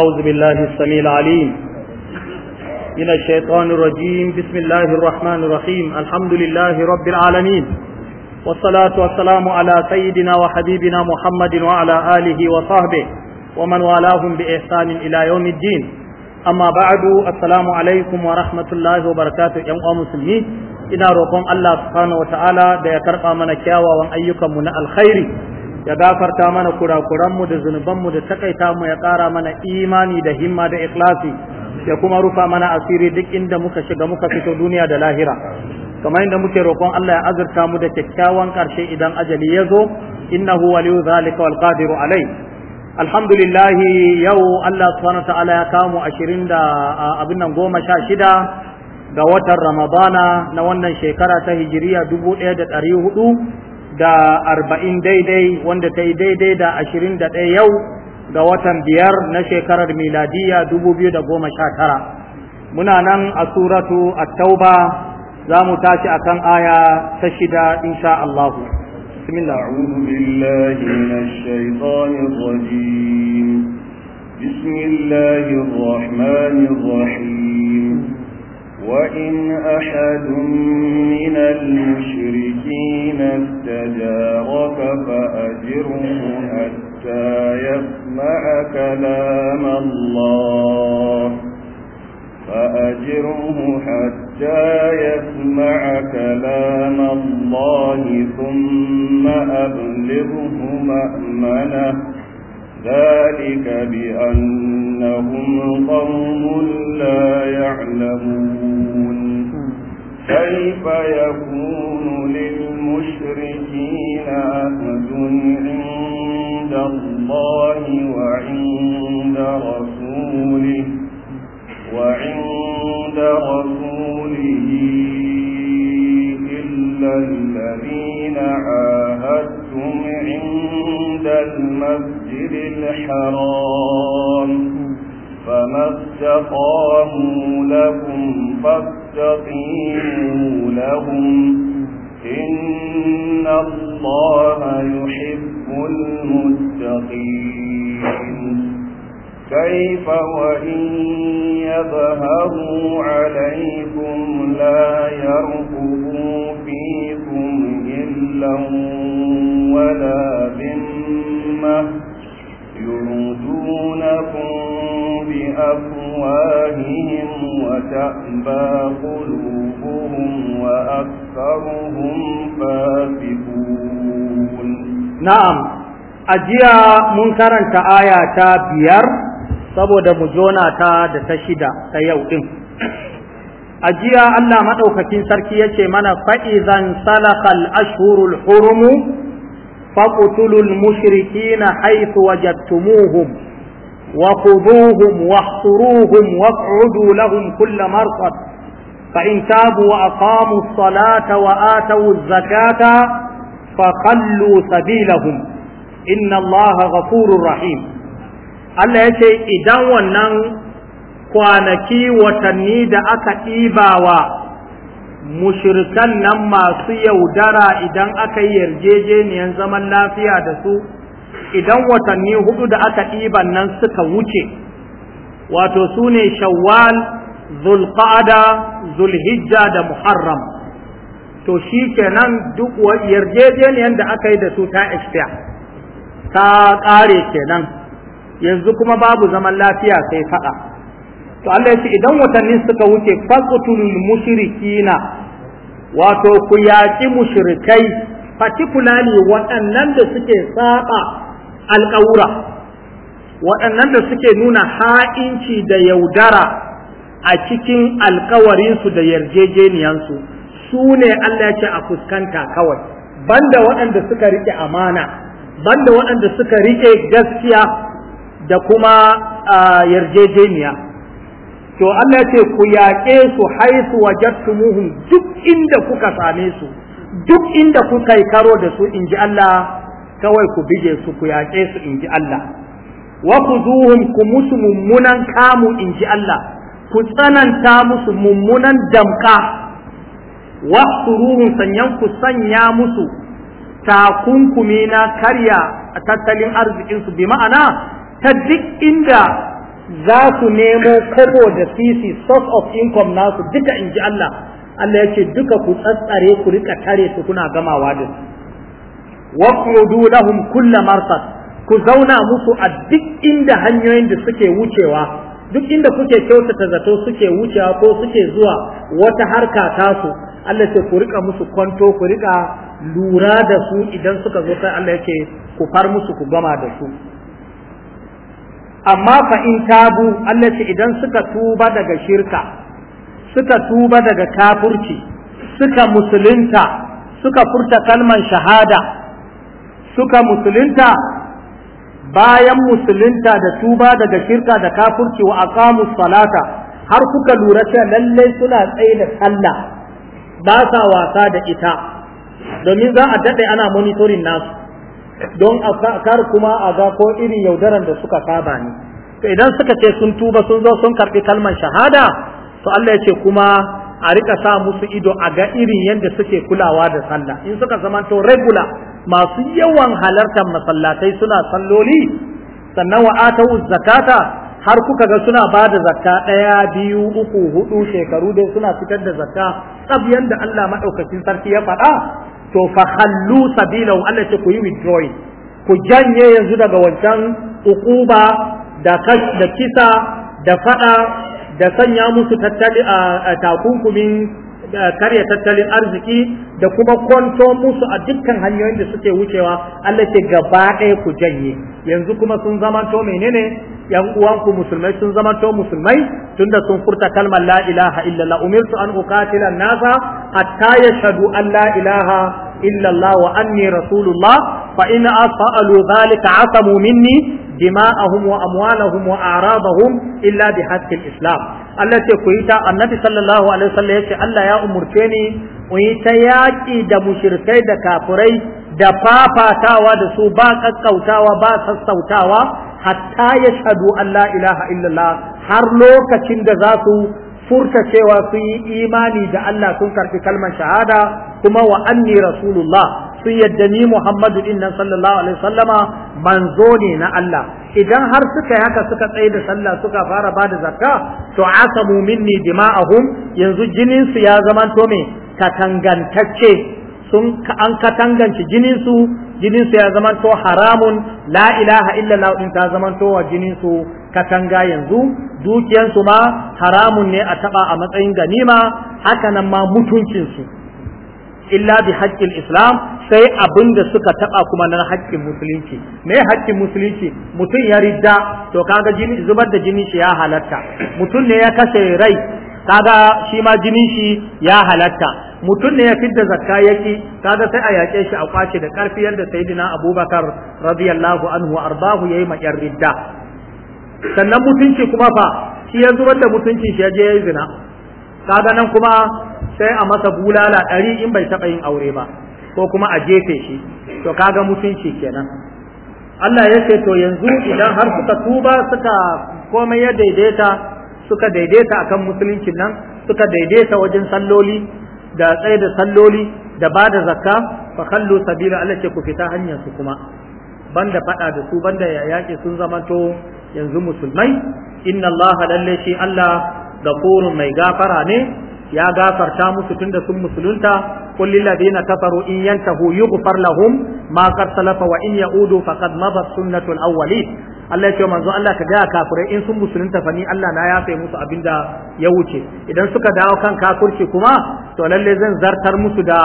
أعوذ بالله السميع العليم من الشيطان الرجيم بسم الله الرحمن الرحيم الحمد لله رب العالمين والصلاة والسلام على سيدنا وحبيبنا محمد وعلى آله وصحبه ومن والاهم بإحسان إلى يوم الدين أما بعد السلام عليكم ورحمة الله وبركاته يا مسلمين ina roƙon Allah subhanahu wa ta'ala da ya karɓa mana kyawawan ayyukanmu na alkhairi ya gafarta mana kurakuranmu da zunubanmu da takaita mu ya ƙara mana imani da himma da ikhlasi ya kuma rufa mana asiri duk inda muka shiga muka fito duniya da lahira kamar inda muke roƙon Allah ya azurta mu da kyakkyawan ƙarshe idan ajali ya zo innahu waliyu zalika wal qadiru alai alhamdulillah yau Allah subhanahu wa ta'ala ya kawo mu 20 da abin nan 16 ga watan Ramadana na wannan shekara ta hijiriya 1400 da arba'in daidai wanda ta yi daidai da ashirin da ɗaya yau ga watan biyar na shekarar miladiya dubu biyu da goma sha tara muna nan a suratu at-tauba za mu tashi a kan aya ta shida insha Allah بسم الله أعوذ بالله من الشيطان الرجيم بسم الله الرحمن الرحيم وإن أحد من المشركين استجارك فأجره حتى يسمع كلام الله فأجره حتى يسمع كلام الله ثم أبلغه مأمنه ذلك بأنهم قوم لا يعلمون كيف يكون للمشركين عهد عند الله وعند رسوله وعند رسوله إلا الذين عاهدتم عند المسجد الحرام فما استقاموا لكم فاستقيموا لهم إن الله يحب المتقين كيف وإن يظهروا عليكم لا يرقبوا فيكم إلا يردونكم بأفواههم وتأبى قلوبهم وأكثرهم فاسقون نعم أجيا منكرا كآية بيار saboda mu jona ta da ta shida ta yau ɗin. a jiya Allah madaukakin sarki yace mana Fa'izan, salakal ashhurul hurumu فاقتلوا المشركين حيث وجدتموهم وخذوهم واحصروهم واقعدوا لهم كل مرصد فإن تابوا وأقاموا الصلاة وآتوا الزكاة فخلوا سبيلهم إن الله غفور رحيم ألا يشيء ce idan wannan kwanaki watanni da aka mushirkan nan masu yaudara idan aka yi yarjejeniyar zaman lafiya da su idan watanni hudu da aka ɗiban nan suka wuce wato su ne shawwal zulqa'ada zulhijja da muharram to shi kenan duk yarjejeniyar da aka yi da su ta expire ta ƙare kenan yanzu kuma babu zaman lafiya sai faɗa to Allah ya ce idan watanni suka wuce faqtulul mushrikina wato ku yaƙi mushrikai particularly waɗannan da suke saba alƙawura waɗannan da suke nuna ha'inci da yaudara a cikin alƙawarinsu da yarjejeniyansu su ne Allah ya ce a fuskanta kawai banda waɗanda suka riƙe amana banda waɗanda suka riƙe gaskiya da kuma ah, yarjejeniya to Allah ya ce ku yaƙe su haisu wajattumuhum duk inda kuka same su duk inda kuka yi karo da su inji Allah kawai ku bige su ku yaƙe su inji Allah wa kuzuhum ku musu mummunan kamu inji Allah ku tsananta musu mummunan damka wa ruhun sanyan ku sanya musu takunkumi na karya a tattalin arzikinsu bi ma'ana ta duk inda za su nemo kobo da sisi source of income nasu duka in ji Allah Allah ya ce duka ku tsatsare ku rika tare su kuna gamawa da su waqudu lahum kull marsad ku zauna musu a duk inda hanyoyin da suke wucewa duk inda kuke kyautata zato suke wucewa ko suke zuwa wata harka su, Allah ya ce ku rika musu kwanto ku rika lura da su idan suka zo sai Allah ya ce ku far musu ku gama da su amma fa in tabu Allah ce idan suka tuba daga shirka suka tuba daga kafurci suka musulunta suka furta kalman shahada suka musulunta bayan musulunta da tuba daga shirka da kafurci wa aqamu salata har kuka lura cewa lallai suna tsaye da sallah ba sa wasa da ita domin za a daɗe ana monitorin nasu don a kar kuma a ga ko irin yaudaran da suka saba ni. to idan suka ce sun tuba sun zo sun karbi kalmar shahada to Allah ya ce kuma a rika sa musu ido a ga irin yadda suke kulawa da sallah in suka zamanto regular masu yawan halartar masallatai suna salloli sannan wa atawu zakata har kuka ga suna ba da zakka ɗaya biyu uku hudu shekaru dai suna fitar da zakka tsab yadda Allah maɗaukacin sarki ya faɗa to fa khallu sabilahu Allah ce ku yi withdrawing ku janye yanzu daga wancan ukuba da da kisa da fada da sanya musu tattali a takunkumin Eh, karya tattalin arziki da kuma kwanto musu a dukkan hanyoyin da suke wucewa Allah ke gaba ɗaya ku janye yanzu kuma sun zamanto menene yan uwanku musulmai sun zamanto musulmai tunda sun furta kalmar la ilaha illallah umirtu an uqatila nasa hatta yashhadu an la ilaha illallah wa anni rasulullah fa in asalu dhalika asamu minni dima'ahum wa amwalahum wa a'radahum illa bi haqqil islam Allah ce ku yi ta annabi sallallahu alaihi wasallam yace Allah ya umurce ni ku yi ta yaki da mushrikai da kafirai da fafatawa da su ba kakkautawa ba sassautawa hatta ya an Allah ilaha illallah har lokacin da za su furta cewa su yi imani da Allah sun karbi kalmar shahada kuma wa anni rasulullah sun yadda ni Muhammadu din nan sallallahu alaihi wasallama manzo ne na Allah idan har suka haka suka tsaye da sallah suka fara ba da zakka to asamu minni dima'ahum yanzu jinin su ya zama to me katangantacce sun an katangance jinin su jinin su ya zama to haramun la ilaha illa din ta zama to wa jinin su katanga yanzu dukiyansu ma haramun ne a taba a matsayin ganima haka nan ma mutuncin su illa bi haƙƙin islam sai abin da suka taba kuma na haƙƙin musulunci me haƙƙin musulunci mutum ya ridda to kaga jini zubar da jini shi ya halatta mutum ne ya kashe rai kaga shi ma jinin shi ya halatta mutum ne ya fidda zakka yake kaga sai a yaƙe shi a kwace da ƙarfi yadda sayyidina abubakar radiyallahu anhu arbahu yayi ma yar ridda sannan mutunci kuma fa shi ya zubar da mutunci shi ya je yayi zina kaga nan kuma sai a masa bulala ɗari in bai taɓa yin aure ba ko kuma a jefe shi to kaga mutunci kenan Allah ya ce to yanzu idan har suka tuba suka komai ya daidaita suka daidaita akan musuluncin nan suka daidaita wajen salloli da tsaye da salloli da ba da zakka fa kallu sabila Allah ce ku fita hanyar su kuma banda fada da su banda yaƙi sun zama to yanzu musulmai inna Allah lalle shi Allah gafurun mai gafara ne ya gafarta musu tunda sun musulunta qul lil ladina kafaru in yantahu yughfar lahum ma qad salafa wa in ya'udu faqad madat sunnatul awwalin Allah ya ce manzo Allah ka ga kafirai in sun musulunta fa ni Allah na yafe musu abinda ya wuce idan suka dawo kan kafirci kuma to lalle zan zartar musu da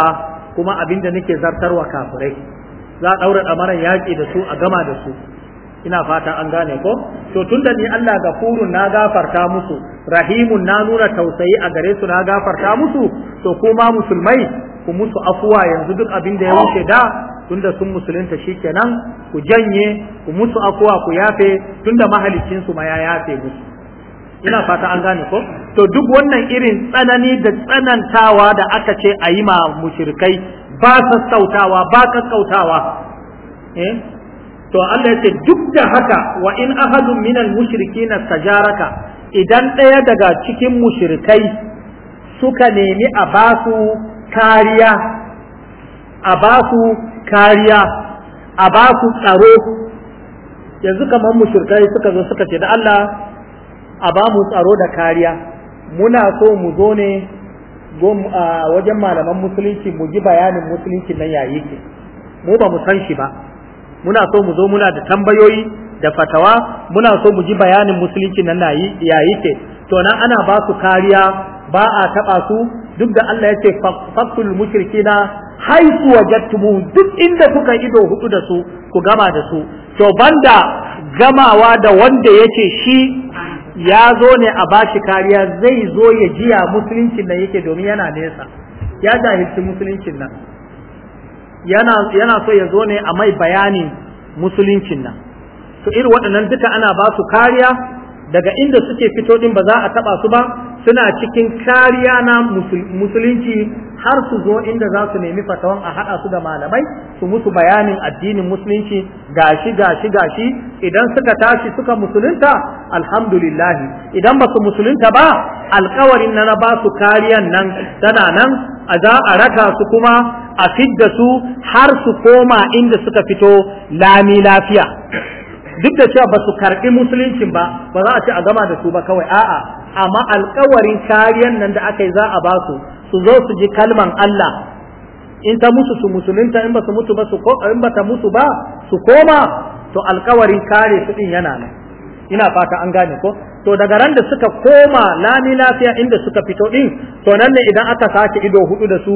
kuma abinda nake zartarwa kafirai za a daura amaran yaƙi da su a gama da su ina fatan an gane ko to tunda ni Allah gafurun na gafarta musu rahimun na nuna tausayi a gare su na gafarta musu to kuma musulmai ku musu afuwa yanzu duk abin da ya wuce da tunda sun musulunta shikenan ku janye ku musu afuwa ku yafe tunda mahalicin su ma ya yafe musu ina fata an gane ko to duk wannan irin tsanani da tsanantawa da aka ce a yi ma mushrikai ba sassautawa ba kakkautawa eh to Allah ya ce duk da haka wa in ahadun minal mushrikina tajaraka idan ɗaya daga cikin mushrikai suka nemi a basu kariya a kariya a basu tsaro yanzu kamar mushrikai suka zo suka ce da Allah a ba mu tsaro da kariya muna so mu zo ne wajen malaman musulunci mu ji bayanin musulunci nan yayi ke mu ba mu san shi ba muna so mu zo muna da tambayoyi da fatawa muna so mu ji bayanin musulunci nan na yayi ke to nan ana ba su kariya ba a taba su duk da Allah ya ce mushrikina haitu wajadtumu duk inda kuka ido hudu da su ku gama da su to banda gamawa da wanda yake shi ya zo ne a bashi kariya zai zo ya jiya musuluncin nan yake domin yana nesa ya jahilci musulunci nan yana so ya zo ne a mai bayanin musuluncin nan to iri waɗannan duka ana ba su kariya daga inda suke fito din ba za a taba su ba suna cikin kariya na musulunci har su zo inda za su nemi fatawan a haɗa su da malamai su musu bayanin addinin musulunci gashi gashi gashi idan suka tashi suka musulunta alhamdulillahi idan ba su musulunta ba alkawarin na na ba su kariyan nan tana nan a za a raka su kuma a fidda su har su koma inda suka fito lami lafiya duk da cewa ba su karɓi musuluncin ba ba za a ce a gama da su ba kawai a'a amma alkawarin kariyan nan da aka yi za a ba su su zo su ji kalman Allah in ta musu su musulunta in ba su mutu ba su ko in ba ta musu ba su koma to alkawarin kare su din yana nan ina fata an gane ko to daga ran da suka koma lami lafiya inda suka fito din to nan ne idan aka sake ido hudu da su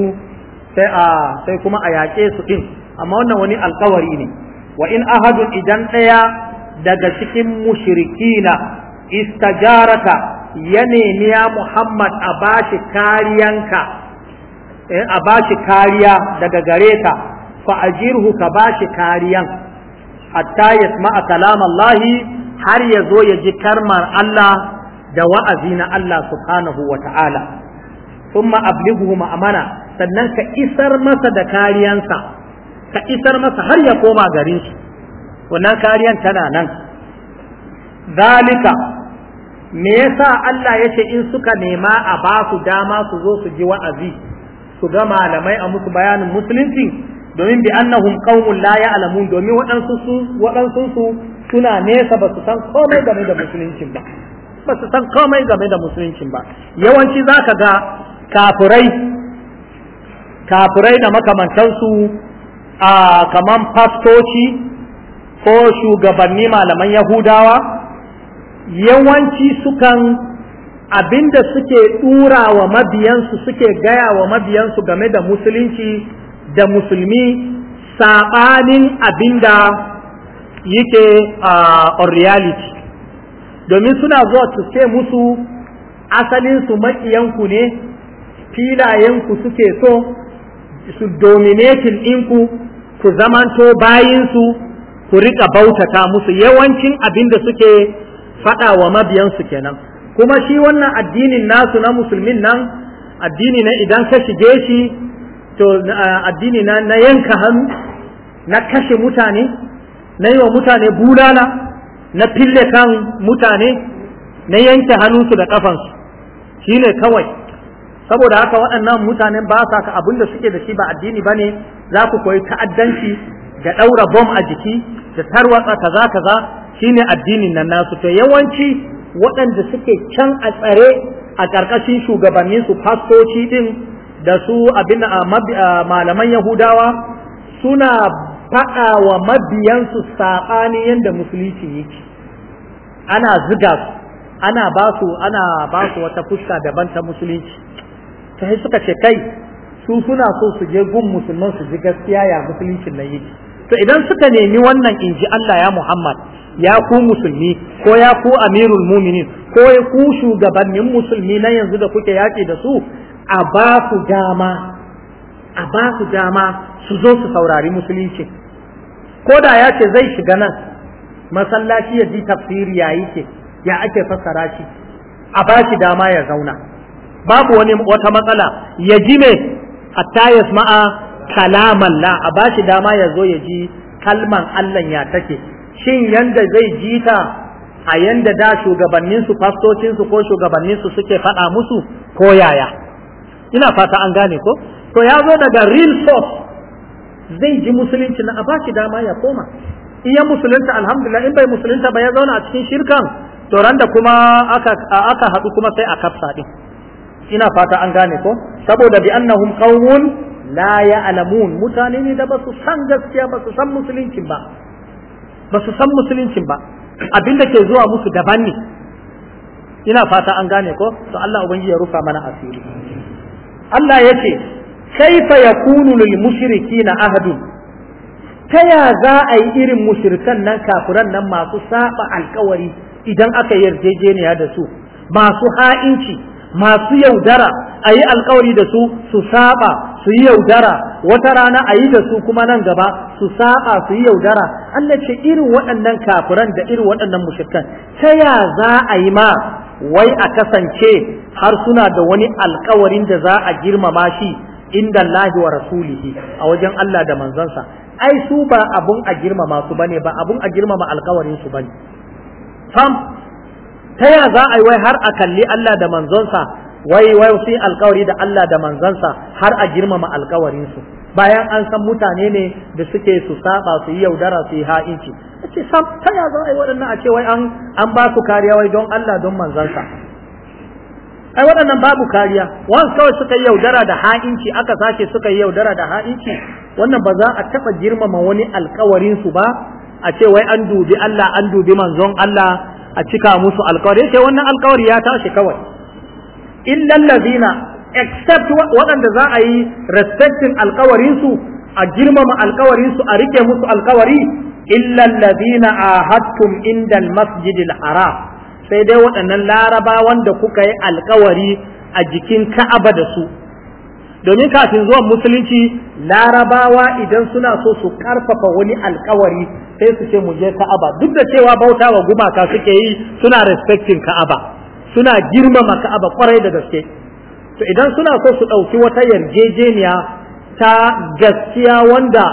sai a sai kuma a yaƙe su din amma wannan wani alkawari ne wa in ahadun idan ɗaya daga cikin mushrikina istajaraka ya nemi ya Muhammad a bashi kariyanka eh, a bashi kariya daga gare ka fa ajirhu ka bashi kariyan hatta yasma'a kalamallahi har ya zo ya ji karmar Allah da wa'azi na Allah subhanahu wa ta'ala thumma ablighu ma'amana sannan ka isar masa da kariyansa ka isar masa har ya koma garin shi wannan kariyan tana nan zalika me yasa Allah ya ce in suka nema a ba su dama su zo su ji wa'azi su ga malamai a musu bayanin musulunci domin bi annahum qaumun la ya'lamun domin waɗansu su waɗansu su suna nesa ba su san komai game da musulunci ba ba su san komai game da musulunci ba yawanci zaka ga kafirai kafirai da makamantansu a kaman fastoci ko shugabanni malaman yahudawa yawanci sukan abinda suke ɗura wa mabiyansu suke gaya wa mabiyansu game da musulunci da musulmi saɓanin abinda yake a reality domin suna zuwa su ce musu asalinsu maƙiyanku ne filayenku suke so su dominatin ɗinku ku zamanto bayinsu ku riƙa bautata musu yawancin abin da suke faɗa wa mabiyansu kenan kuma shi wannan addinin nasu na musulmin nan addini na idan ka shige shi to addini na na yanka hannu na kashe mutane na yi wa mutane bulala na fille kan mutane na yanke hannunsu da ƙafansu shi ne kawai saboda haka waɗannan mutanen ba sa ka abinda suke da shi ba addini bane za ku koyi ta'addanci da ɗaura bom a jiki da tarwatsa kaza kaza shine addinin nan nasu to yawanci waɗanda suke can a tsare a ƙarƙashin shugabannin su fastoci din da su abin a malaman yahudawa suna faɗa wa mabiyansu saɓani yadda musulunci yake ana ziga ana ba su ana ba su wata fuska daban ta musulunci sai suka ce kai su suna so su je gun musulman su ji gaskiya ya musuluncin nan yake to idan suka nemi wannan in ji Allah ya Muhammad ya ku musulmi ko ya ku amirul muminin ko ya ku shugabannin musulmi na yanzu da kuke yaƙi da su a ba su dama a ba su dama su zo su saurari musulunci ko da ya ce zai shiga nan masallaci ya ji tafsiri ya yi ce ya ake fassara shi a ba shi dama ya zauna babu wani wata matsala ya ji me hatta yasma'a kalaman la a bashi dama ya zo ya ji kalman Allah ya take shin yanda zai ji ta a yanda da shugabannin su fastocin su ko shugabannin su suke faɗa musu ko yaya ina fata an gane ko to ya zo daga real source zai ji musulunci na a bashi dama ya koma iya musulunta alhamdulillah in bai musulunta ba ya zauna a cikin shirkan to ran da kuma aka aka haɗu kuma sai a kafsa din ina fata an gane ko saboda bi annahum qaumun la ya'lamun mutane ne da basu san gaskiya basu san musulunci ba basu san musulunci ba abinda ke zuwa musu daban ne ina fata an gane ko to Allah ubangiji ya rufa mana asiri Allah yace kaifa yakunu lil mushrikina ahadun ta ya za a yi irin mushirkan nan kafiran nan masu saba alkawari idan aka yarjejeniya da su masu ha'inci masu yaudara a yi alkawari da su su saba su yi yaudara wata rana a yi da su kuma nan gaba su saba su yi yaudara Allah ce irin waɗannan kafiran da irin waɗannan mushrikan ta ya za a yi ma wai a kasance har suna da wani alkawarin da za a girmama shi inda lahi wa rasulihi a wajen Allah da manzansa ai su ba abun a girmama su bane ba abun a girmama alkawarin su bane fam ta ya za a yi wai har a kalli Allah da manzonsa wai wai sai alkawari da Allah da manzonsa har a girmama alkawarin su bayan an san mutane ne da suke su saba su yi yaudara su yi ha'inci ce sam ta ya za a yi waɗannan a ce wai an ba su kariya wai don Allah don manzonsa ai waɗannan babu kariya wani kawai suka yi yaudara da ha'inci aka sake suka yi yaudara da ha'inci wannan ba za a taɓa girmama wani alkawarin su ba a ce wai an dubi Allah an dubi manzon Allah a cika musu alkawari yace wannan alkawari ya tashi kawai illal ladina except waɗanda za a yi respecting alkawarinsu a girmama alkawarinsu a rike musu alkawari illal ladina ahadtum indal masjidil haram sai dai waɗannan larabawan da kuka yi alkawari a jikin ka'aba da su domin kafin zuwan musulunci larabawa idan suna so su karfafa wani alkawari sai su ce mu je ka'aba duk da cewa bauta wa gumaka suke yi suna respectin ka'aba suna girmama ka'aba kwarai da gaske to idan suna so su ɗauki wata yarjejeniya ta gaskiya wanda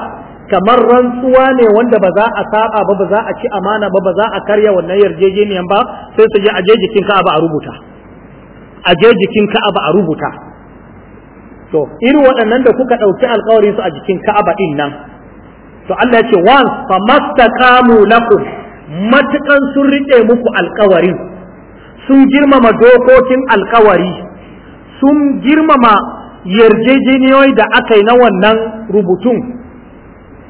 kamar rantsuwa ne wanda ba za a saba ba ba za a ci amana ba ba za a karya wannan yarjejeniyan ba sai su je a je jikin ka'aba a rubuta a je jikin ka'aba a rubuta to irin waɗannan da kuka ɗauki alƙawari su a jikin Ka'aba din nan to Allah ya ce once famastaqamu lakum matukan sun riƙe muku alƙawarin sun girmama dokokin alƙawari sun girmama yarjejeniyoyi da aka yi na wannan rubutun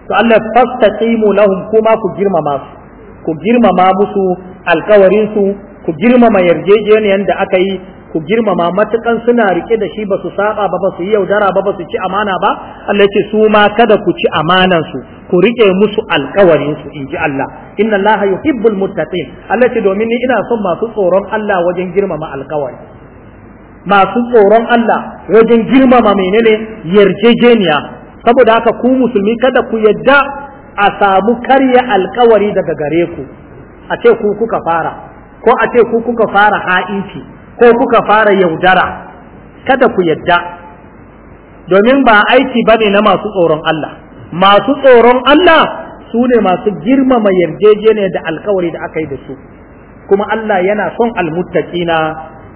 to Allah fastaqimu lahum kuma ku girmama su ku girmama musu alƙawarin su ku girmama yarjejeniyan da aka yi ku girmama matukan suna rike da shi ba su saba ba ba su yi yaudara ba ba su ci amana ba Allah ya su ma kada ku ci amanan su ku rike musu alkawarin su inji Allah inna Allah yuhibbul muttaqin Allah ce domin ni ina son masu tsoron Allah wajen girmama alkawari masu tsoron Allah wajen girmama menene yarjejeniya saboda haka ku musulmi kada ku yadda a samu karya alkawari daga gare ku a ce ku kuka fara ko a ce ku kuka fara ha'inci ko kuka fara yaudara kada ku yadda domin ba aiki bane na masu tsoron Allah masu tsoron Allah su ne masu girmama yarjejeniya da alkawari da aka yi da su kuma Allah yana son almuttaqina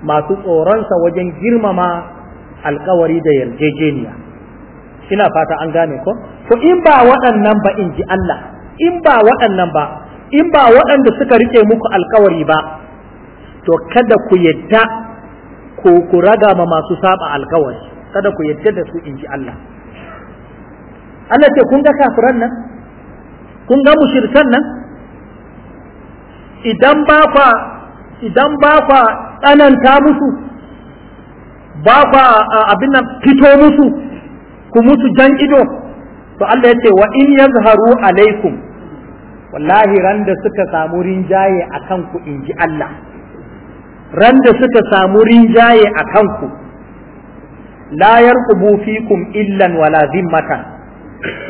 masu tsoronsa wajen girmama alkawari da yarjejeniya ina fata an gane ko to in ba waɗannan ba in ji Allah in ba waɗannan ba in ba waɗanda suka rike muku alkawari ba to kada ku yadda ko ku raga ma masu saba alkawari kada ku yadda da su inji Allah Allah ce kun ga kafiran nan kun ga mushrikan nan idan ba fa idan ba fa tsananta musu ba fa abin nan fito musu ku musu jan ido to Allah ya ce wa in yazharu alaikum wallahi ran da suka samu rinjaye akan ku inji Allah ran da suka samu rinjaye a kanku la yarqubu fikum illan wala zimmatan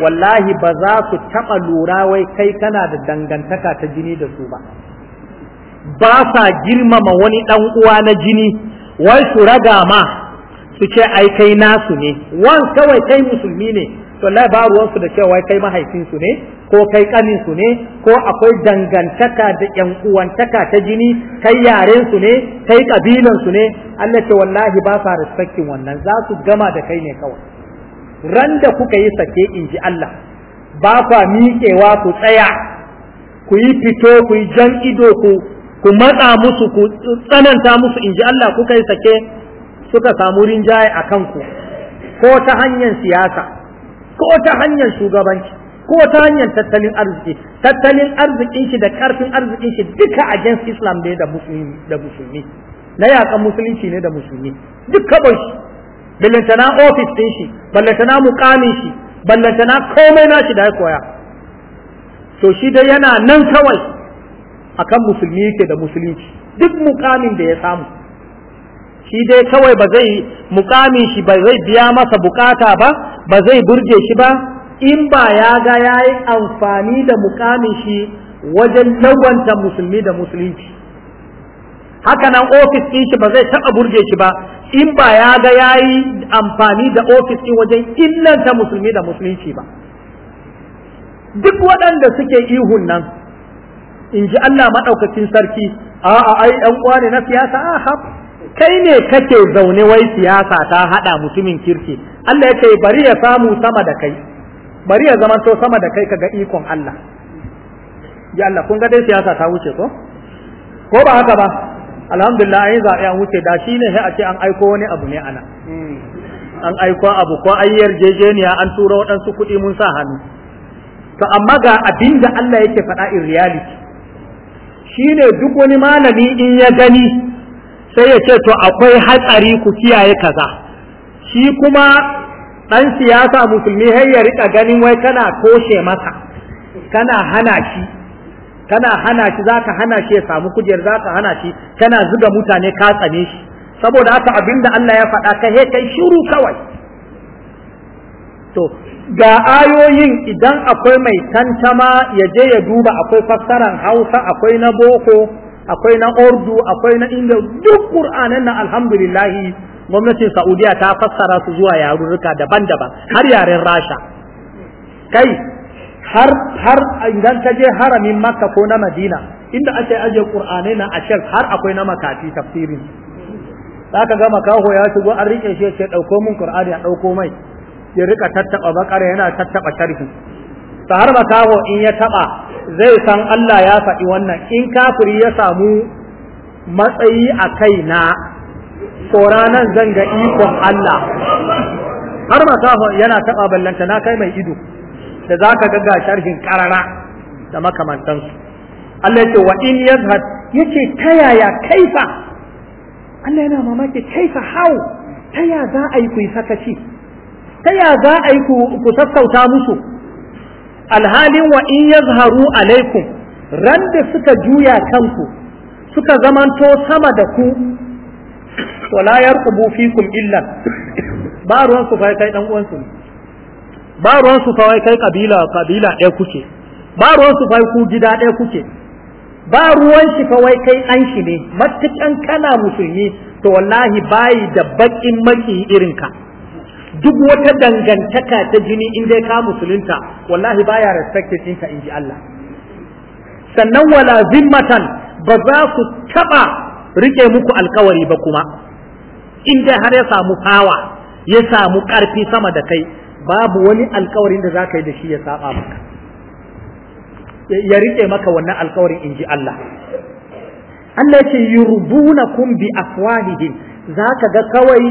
wallahi ba za su taɓa lura wai kai kana da dangantaka ta jini da su ba ba sa girmama wani ɗan uwa na jini wai su raga ma su ce ai kai nasu ne wan kawai kai musulmi ne wallahi ba ruwansu da cewa kai mahaifinsu ne ko kai su ne ko akwai dangantaka da yan uwantaka ta jini kai yarensu ne kai su ne Allah ce wallahi ba sa respecting wannan za su gama da kai ne kawai ran da kuka yi sake in ji Allah ba kwa miƙewa ku tsaya ku yi fito ku yi jan ido ku ku matsa musu ku tsananta musu in ji Allah kuka yi sake suka samu rinjaye a kanku ko ta hanyar siyasa ko ta hanyar shugabanci ko ta hanyar tattalin arziki tattalin arzikin shi da karfin arzikin shi duka a against islam ne da musulmi da musulmi na yakan musulunci ne da musulmi duk kawai shi na ofis din shi na mukamin shi na komai na shi da ya koya to shi dai yana nan kawai akan musulmi yake da musulunci duk mukamin da ya samu shi dai kawai ba zai mukamin shi ba zai biya masa bukata ba ba zai burge shi ba in ba ya ga ya yi amfani da mukamin shi wajen lawanta musulmi da musulunci haka nan ofis ɗin shi ba zai taɓa burge shi ba in ba ya ga ya yi amfani da ofis ɗin wajen illanta musulmi da musulunci ba duk waɗanda suke ihun nan in ji Allah maɗaukacin sarki a'a ai ɗan ne na siyasa a kai ne kake zaune wai siyasa ta hada mutumin kirki Allah ya ce bari ya samu sama da kai bari ya zama to sama da kai kaga ikon Allah ya Allah kun ga dai siyasa ta wuce ko ko ba haka ba alhamdulillah ai zaɓe an wuce da shine sai a ce an aiko wani abu ne ana an aiko abu ko ai yarjejeniya an tura waɗansu kuɗi mun sa hannu to amma ga abin da Allah yake faɗa in reality shine duk wani malami in ya gani sai ya ce to akwai hatsari ku kiyaye kaza shi kuma ɗan siyasa musulmi har ya rika ganin wai kana toshe maka, kana hana shi kana hana shi zaka hana shi ya samu kujer zaka hana shi kana zuga mutane ka tsane shi saboda haka abinda Allah ya faɗa ka he kai shiru kawai to ga ayoyin idan akwai mai tantama ya je ya duba akwai fassaran Hausa akwai na boko akwai na ordu, akwai na inda duk qur'anan nan alhamdulillah gwamnatin saudiya ta fassara su zuwa yarurruka daban-daban har yaren rasha kai har har idan ka je haramin makka ko na madina inda ake aje qur'anai na shek har akwai na makafi tafsirin zaka ga makaho ya shigo an rike shi ya ce dauko min qur'ani ya dauko mai ya rika tattaba bakara yana tattaba sharhi ta har makaho in ya taɓa zai san Allah ya faɗi wannan in kafiri ya samu matsayi a kai na tsoranan zan ga ikon Allah har makaho yana taɓa ballanta na kai mai ido da za ka ga sharhin karara da makamantansu Allah ce wa in yazhad yace ta yaya kaifa Allah yana mamaki kaifa hau ta ya za a yi ku yi sakaci ta ya za a yi ku sassauta musu alhalin wa in yazharu alaikum ran da suka juya kanku suka zamanto sama da ku wala yarqubu fikum illa ba ruwan su kai dan uwan su ba ruwan su fa kai kabila kabila ɗaya kuke ba ruwan su fa ku gida ɗaya kuke ba ruwan shi fa wai kai ɗan shi ne matukan kana musulmi to wallahi bayi da baƙin maki irinka duk wata dangantaka ta jini in dai ka musulunta wallahi baya respected ɗinka in ji Allah sannan wala zimmatan ba za su taɓa riƙe muku alkawari ba kuma in dai har ya samu hawa ya samu ƙarfi sama da kai babu wani alkawarin da za ka yi da shi ya saba maka ya riƙe maka wannan alkawarin in ji Allah Allah ya ce yurbunakum bi afwahihim za ka ga kawai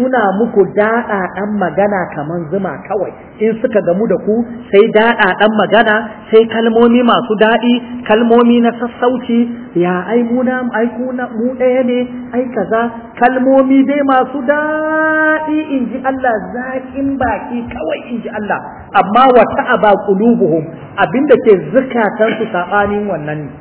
suna muku ɗan magana kaman zuma kawai in suka gamu da ku sai ɗan magana sai kalmomi masu daɗi kalmomi na sassauci ya ai muna ai kuna mu ɗaya ne ai kaza kalmomi dai masu daɗi in ji Allah zaƙin baki kawai in ji Allah amma wata aba qulubuhum abinda ke zukatansu saɓanin wannan ne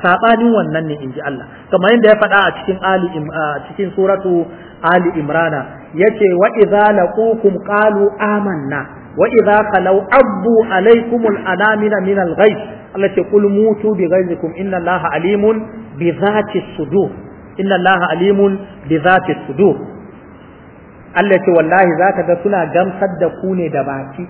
sabanin wannan ne in ji Allah kamar yadda ya faɗa a cikin ali a cikin suratu ali imrana yace wa idza laqukum qalu amanna wa idza khalaw abbu alaykum al-anamina min al-ghayb Allah ce kul mutu bi ghayzikum inna allaha alimun bi dhati sudur inna allaha alimun bi dhati sudur Allah ce wallahi zaka ga suna gamsar da ku ne da baki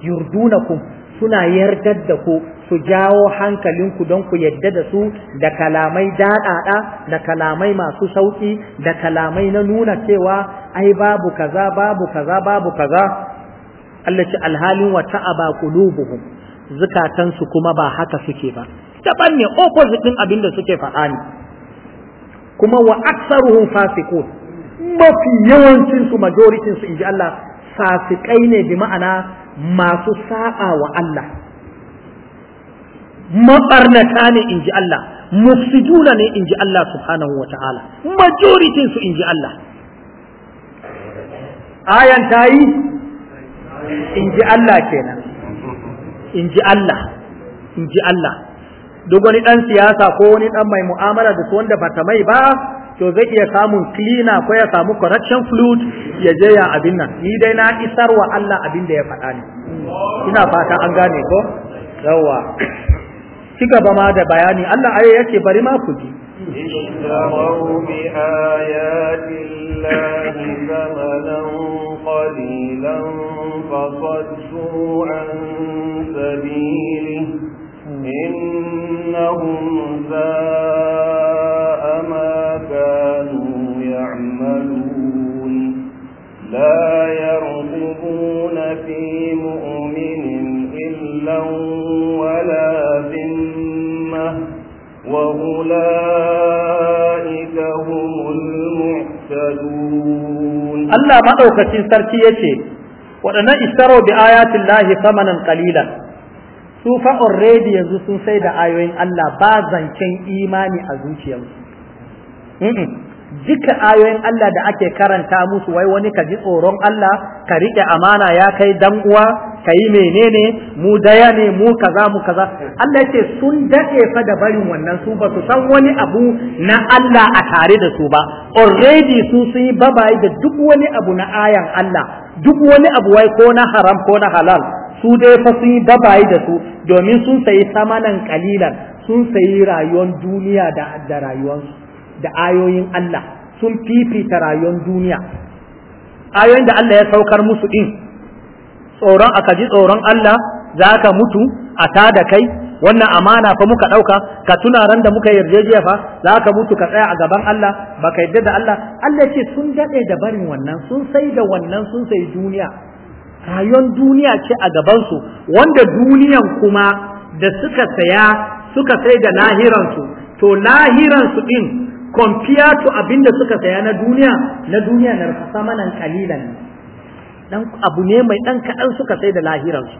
yurdunakum suna yardar da ku su jawo hankalinku don ku yadda da su da kalamai daɗaɗa da kalamai masu sauƙi da kalamai na nuna cewa ai babu kaza babu kaza babu kaza Allah ce alhalin wa ta'aba qulubuhum zukatansu kuma ba haka suke ba daban ne opposite din abin da suke faɗa ne kuma wa aktsaruhum fasiqun mafi yawancin su majority su inji Allah fasikai ne bi ma'ana masu sa'a wa Allah mabarnata ne in ji Allah mufsiduna ne in ji Allah subhanahu wa ta'ala majoritin su in ji Allah ayan ta yi in ji Allah kenan in ji Allah in ji Allah duk wani dan siyasa ko wani dan mai mu'amala da su wanda bata mai ba to zai iya samun cleaner ko ya samu correction fluid ya je ya abin nan ni dai na isar wa Allah abin da ya faɗa ni. ina fata an gane ko yawa ci gaba ma da bayani Allah ayo yake bari ma ku ji قليلا فصدوا عن سبيله إنهم ساء ما كانوا يعملون لا يرغبون في مؤمن إلا ولا ذمة وأولئك هم المعتدون الله ما أوكتين سرتي يتي وأنا اشتروا بآيات الله ثمنا قليلا su fa already yanzu sun sai da ayoyin Allah ba zancen imani a zuciyarsu duka ayoyin Allah da ake karanta musu wai wani ka ji tsoron Allah ka riƙe amana ya kai dan uwa ka yi menene mu daya ne mu kaza mu kaza Allah ce sun dade fa da barin wannan su ba su san wani abu na Allah a tare da su ba already su sun yi babayi da duk wani abu na ayan Allah duk wani abu wai ko na haram ko na halal su dai fa sun yi dabaye da su domin sun sayi samanan kalilan sun sayi rayuwar duniya da da rayuwar da ayoyin Allah sun fifita rayuwar duniya ayoyin da Allah ya saukar musu din tsoron aka ji tsoron Allah za ka mutu a ta da kai wannan amana fa muka ɗauka ka tuna ran da muka jiya fa za ka mutu ka tsaya a gaban Allah baka yarda da Allah Allah ce sun daɗe da barin wannan sun sai da wannan sun sai duniya rayuwar duniya ce a gabansu wanda duniyan kuma da suka saya suka sai da lahiransu to lahiransu din compare to abinda suka saya na duniya na duniya na rasa nan kalilan dan abu ne mai dan kadan suka sai da lahiransu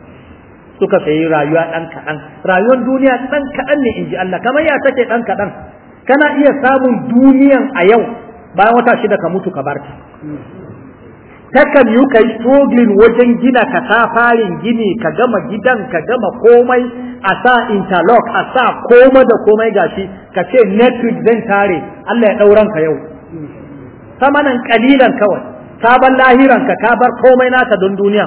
suka sayi rayuwa dan kadan rayuwar duniya dan kadan ne inji Allah kamar ya take dan kadan kana iya samun duniyan a yau bayan wata shida ka mutu ka barta takan yi kai struggling wajen gina farin gini ka gama gidan ka gama komai a sa interlock a sa komai da komai gashi ka ce network zan tare Allah ya dauran ka yau samanan kalilan kawai ka bar lahiran ka ka bar komai naka don duniya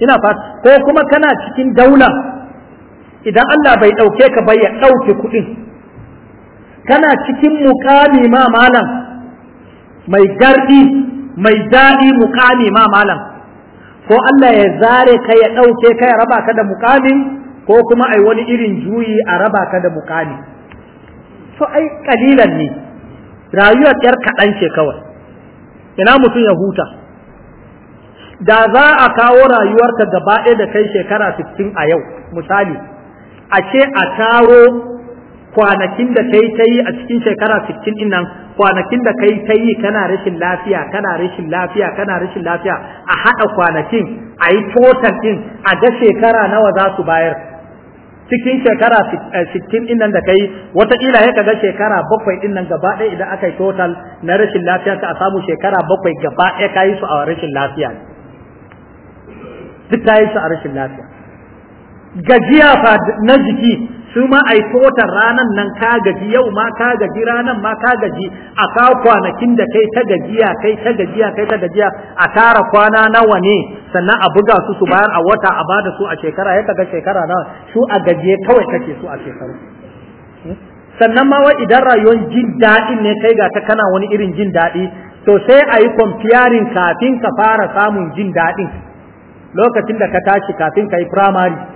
ina fa ko kuma kana cikin daula idan Allah bai ɗauke ka bai ya ɗauke kuɗin kana cikin mukami ma malam mai gardi mai daɗi mukami ma malam ko Allah ya zare ka ya ɗauke ka ya raba ka da mukamin ko kuma ai wani irin juyi a raba ka da mukami to ai kalilan ne rayuwar yar kaɗan ce kawai ina mutum ya huta da za a kawo rayuwarka gaba ɗaya da kai shekara 60 a yau misali a ce a taro kwanakin da kai ta yi a cikin shekara 60 din nan kwanakin da kai ta yi kana rashin lafiya kana rashin lafiya kana rashin lafiya a haɗa kwanakin a yi total din a ga shekara nawa za su bayar cikin shekara 60 eh, din nan da kai wataƙila ya kaga shekara bakwai din nan gaba ɗaya idan aka yi total na rashin lafiya ka a samu shekara bakwai gaba ɗaya ka yi su a rashin lafiya duk ta yi su a rashin lafiya gajiya fa na jiki su ma ai totar ranan nan ka gaji yau ma ka gaji ranan ma ka gaji a ka kwanakin da kai ta gajiya kai ta gajiya kai ta gajiya a tara kwana nawa ne sannan a buga su su bayar a wata a bada su a shekara ya kaga shekara nawa su a gajiye kawai kake su a shekaru sannan ma wai idan rayuwar jin daɗin ne kai ga ta kana wani irin jin daɗi to sai a yi kwamfiyarin kafin ka fara samun jin daɗin lokacin da ka tashi kafin ka yi firamare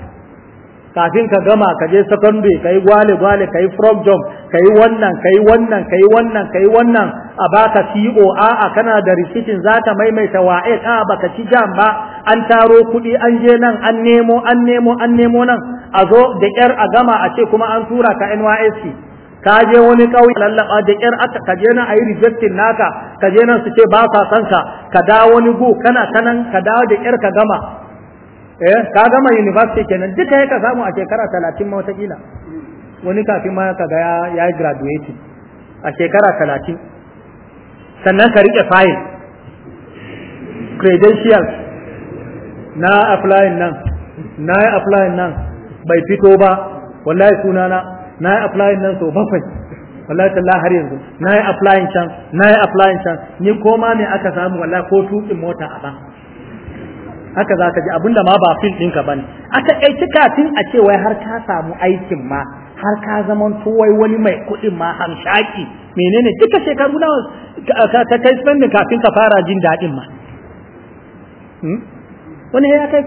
kafin ka gama ka je secondary ka yi gwale gwale ka yi frog jump ka yi wannan ka yi wannan ka yi wannan ka yi wannan a baka CO a'a kana da rikicin za ta maimaita wa a baka ci jam ba an taro kuɗi an je nan an nemo an nemo an nemo nan a zo da kyar a gama a ce kuma an tura ka NYSC ka je wani ƙauye lallaba da kyar aka ka je nan a yi rejecting naka ka je nan su ce ba ka san ka ka dawo wani gu kana kanan ka dawo da kyar ka gama eh ka gama university kenan duka ya ka samu a shekara talatin ma kila wani kafin ma ka ga ya yi a shekara talatin sannan ka riƙe fayil credentials na apply nan na yi applying nan bai fito ba wallahi sunana na yi apply nan so bakwai wallahi talla har yanzu na yi applying can na yi applying can ni koma ne aka samu wallahi ko tukin mota a ban haka za ka ji abinda ma ba fil ɗinka ba ne a cika kafin a ce wai har ka samu aikin ma har ka zaman wai wani mai kuɗin ma hamshaki menene duka shekaru nawa ka kai spending kafin ka fara jin daɗin ma hmm? wani ya kai 40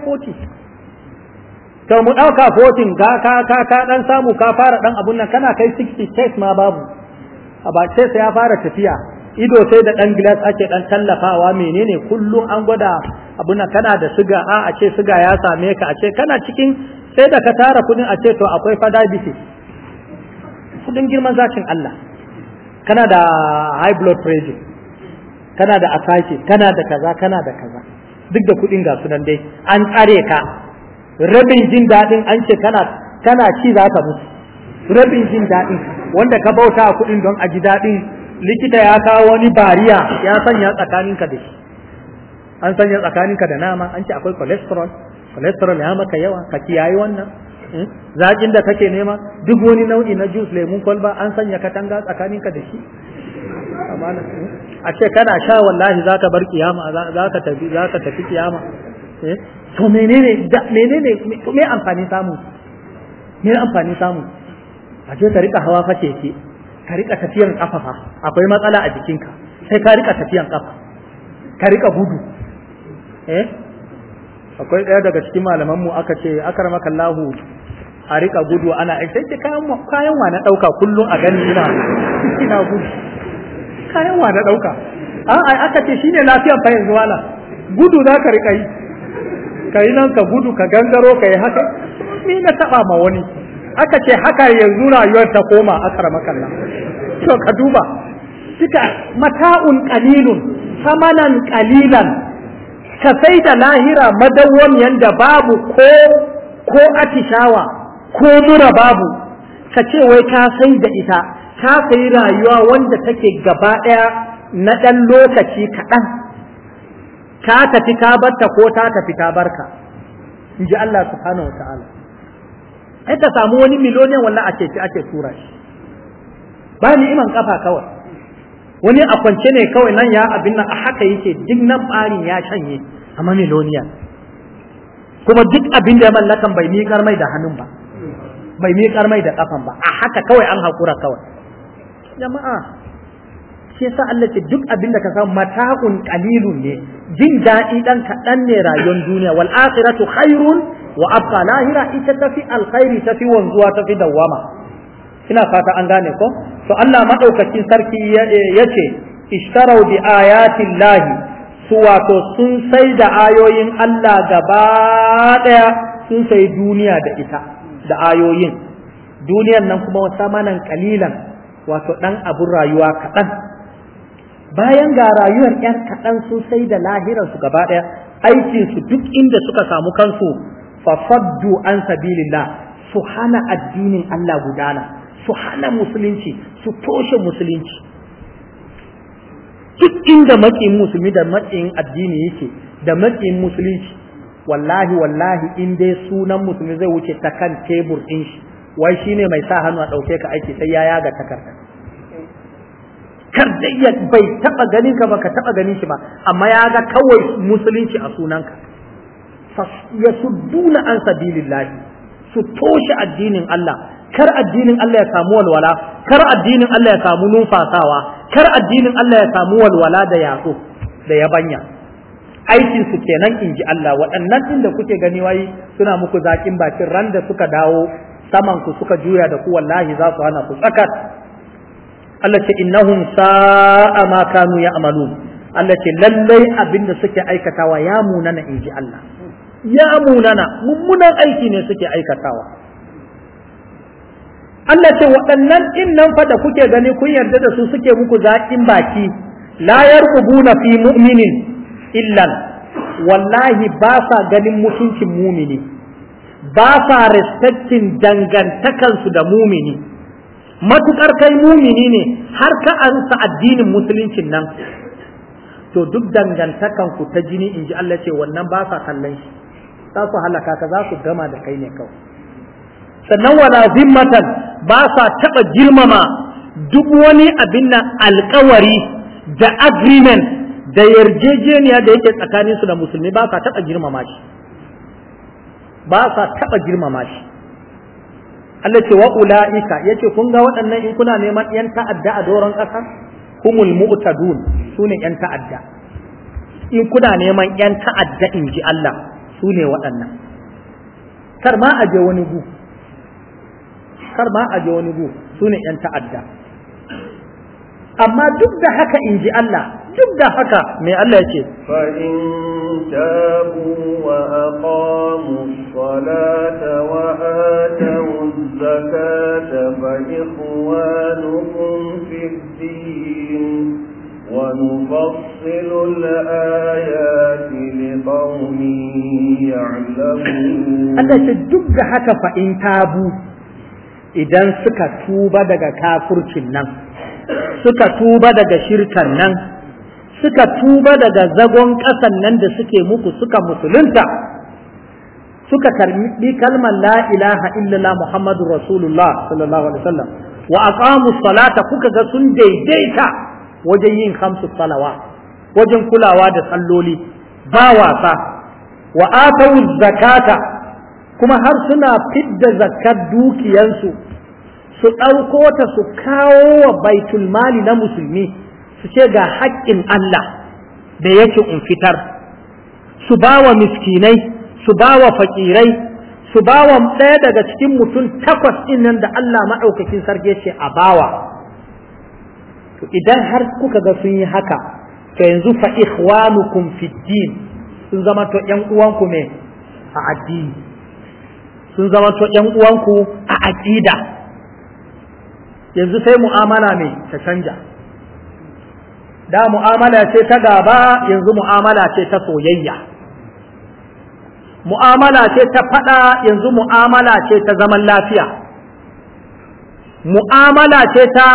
to mu ɗauka 40 ga ka ka ka ɗan samu ka fara ɗan abun nan kana kai 60 test ma babu a ba test ya fara tafiya ido sai da ɗan glass ake ɗan tallafawa menene kullum an gwada abuna kana da suga a a ce suga ya same ka a ce kana cikin sai da ka tara kudin a ce to akwai fada bisi kudin girman zakin Allah kana da high blood pressure kana da asaki kana da kaza kana da kaza duk da kudin ga sunan dai an tsare ka rabin jin dadin an ce kana kana ci za ka mutu rabin jin dadin wanda ka bauta kudin don a ji dadin likita ya kawo wani bariya ya sanya tsakaninka da shi an sanya tsakaninka da nama an ce akwai cholesterol cholesterol ya maka yawa ka kiyaye wannan hmm? zaƙin da kake nema duk wani nau'i na juice lemun kwalba an sanya katanga tsakaninka da shi a ce hmm? kana sha wallahi za ka bar kiyama za ka tafi za ka tafi kiyama hmm? to menene menene me amfani samu me amfani samu a ce ka rika hawa fa keke ka rika tafiyan kafa akwai matsala a jikinka sai ka rika tafiyan kafa ka rika gudu eh akwai ɗaya daga cikin malaman mu aka ce akramakallahu Allahu a rika gudu ana ai sai kayan kayan wa na dauka kullum a gani ina ina gudu kayan wa na dauka an ah, ai aka ce shine lafiyar fa yanzu wala gudu za ka rika yi kai nan ka gudu ka gangaro ka yi haka ni na taba ma wani aka ce haka yanzu rayuwar ta koma akramaka to ka duba kika mata'un qalilun samanan qalilan ka sai da lahira madawwam yanda babu ko ko atishawa ko mura babu ka ce wai ka sai da ita ka sai rayuwa wanda take gaba ɗaya na ɗan lokaci kaɗan ka tafi ta barta ko ta tafi ta barka in ji Allah subhanahu wa ta'ala ai ka samu wani miloniyan wallahi a ce ake tura shi ba ni iman kafa kawai wani a kwance ne kawai nan ya abin nan a haka yake duk nan ɓarin ya shanye a mamiloniya kuma duk abin da ya mallakan bai miƙar mai da hannun ba bai miƙar mai da ƙafan ba a haka kawai an haƙura kawai jama'a shi yasa Allah ce duk abin da ka samu mata'un qalilun ne jin daɗi dan kaɗan ne rayuwar duniya wal akhiratu khairun wa abqa lahira ita tafi alkhairi tafi wanzuwa tafi dawwama ina fata an gane ko to Allah madaukakin sarki yace ishtaraw bi ayati llahi su wato sun sai da ayoyin Allah gaba daya sun sai duniya da ita da ayoyin duniyan nan kuma wata manan kalilan wato dan abun rayuwa kaɗan bayan ga rayuwar yan kaɗan sun sai da su gaba daya aikinsu duk inda suka samu kansu fafadu an sabilillah su hana addinin Allah gudana su hana musulunci su toshe musulunci duk inda matsayin musulmi da matsayin addini yake da matsayin musulunci wallahi wallahi in dai sunan musulmi zai wuce ta kan tebur ɗin shi wai shine mai sa hannu a ɗauke ka aiki sai ya yaga takarda kar dai ya bai taɓa ganin ka ba ka taɓa ganin shi ba amma ya ga kawai musulunci a sunanka ya sudduna an sabilillahi su toshe addinin Allah kar addinin Allah ya samu walwala kar addinin Allah ya samu numfasawa kar addinin Allah ya samu walwala da yaso da yabanya aikin su kenan in ji Allah waɗannan inda kuke gani wai suna muku zakin bakin ran da suka dawo saman ku suka juya da ku wallahi za su hana ku tsakat Allah ce innahum sa'a ma kanu ya'malun Allah ce lallai abin suke aikatawa ya munana in ji Allah ya munana mummunan aiki ne suke aikatawa Allah ce waɗannan innan fa da kuke gani kun yarda da su suke muku zaƙin baki la na fi mu'minin illan wallahi ba sa ganin mutuncin mumini ba sa respecting dangantakansu da mumini matukar kai mumini ne har ka ansa addinin musuluncin nan to duk dangantakan ku ta jini in ji Allah ce wannan ba sa kallon shi za su halaka ka za su gama da kai ne kawai sannan wala zimmatan ba sa taɓa girmama duk wani abin nan alkawari da agreement da yarjejeniya da yake tsakaninsu da musulmi ba sa taɓa girmama shi ba sa taɓa girmama shi Allah ce wa ula'ika yace kun ga waɗannan in kuna neman ‘yan ta'adda a doron ƙasa humul mu'tadun su ‘yan ta'adda in kuna neman ‘yan ta'adda in ji Allah su ne waɗannan kar ma aje wani gu kar ma a wani gu su ne ‘yan ta'adda amma duk da haka in ji Allah duk da haka mai Allah ya ce fa'in tabu wa aqamu salata wa atawu zakata fa ikhwanukum fid din wa nufassilu al-ayati liqaumin ya'lamun Allah ya ce duk da haka fa'in tabu idan suka tuba daga kafurcin nan suka tuba daga shirkan nan suka tuba daga zagon ƙasan nan da suke muku suka musulunta suka karbi kalmar la ilaha illallah muhammadu rasulullah sallallahu alaihi wasallam wa aqamu salata kuka ga sun daidaita wajen yin khamsu salawa wajen kulawa da salloli ba wasa wa atawu zakata kuma har suna fidda zakar dukiyansu su ɗauko ta su kawo wa baitul mali na musulmi su ce ga haƙƙin Allah da yake in fitar su ba wa miskinai su ba wa fakirai su ba wa ɗaya daga cikin mutum takwas ɗin nan da Allah maɗaukakin sarge ce a bawa to idan har kuka ga sun yi haka to yanzu fa ikhwanukum fid din sun zama to ƴan uwanku ne a addini sun zama to ƴan uwanku a aqida yanzu sai mu'amala ne ta canja da mu'amala ce ta gaba yanzu mu'amala ce ta soyayya mu'amala ce ta fada yanzu mu'amala ce ta zaman lafiya mu'amala ce ta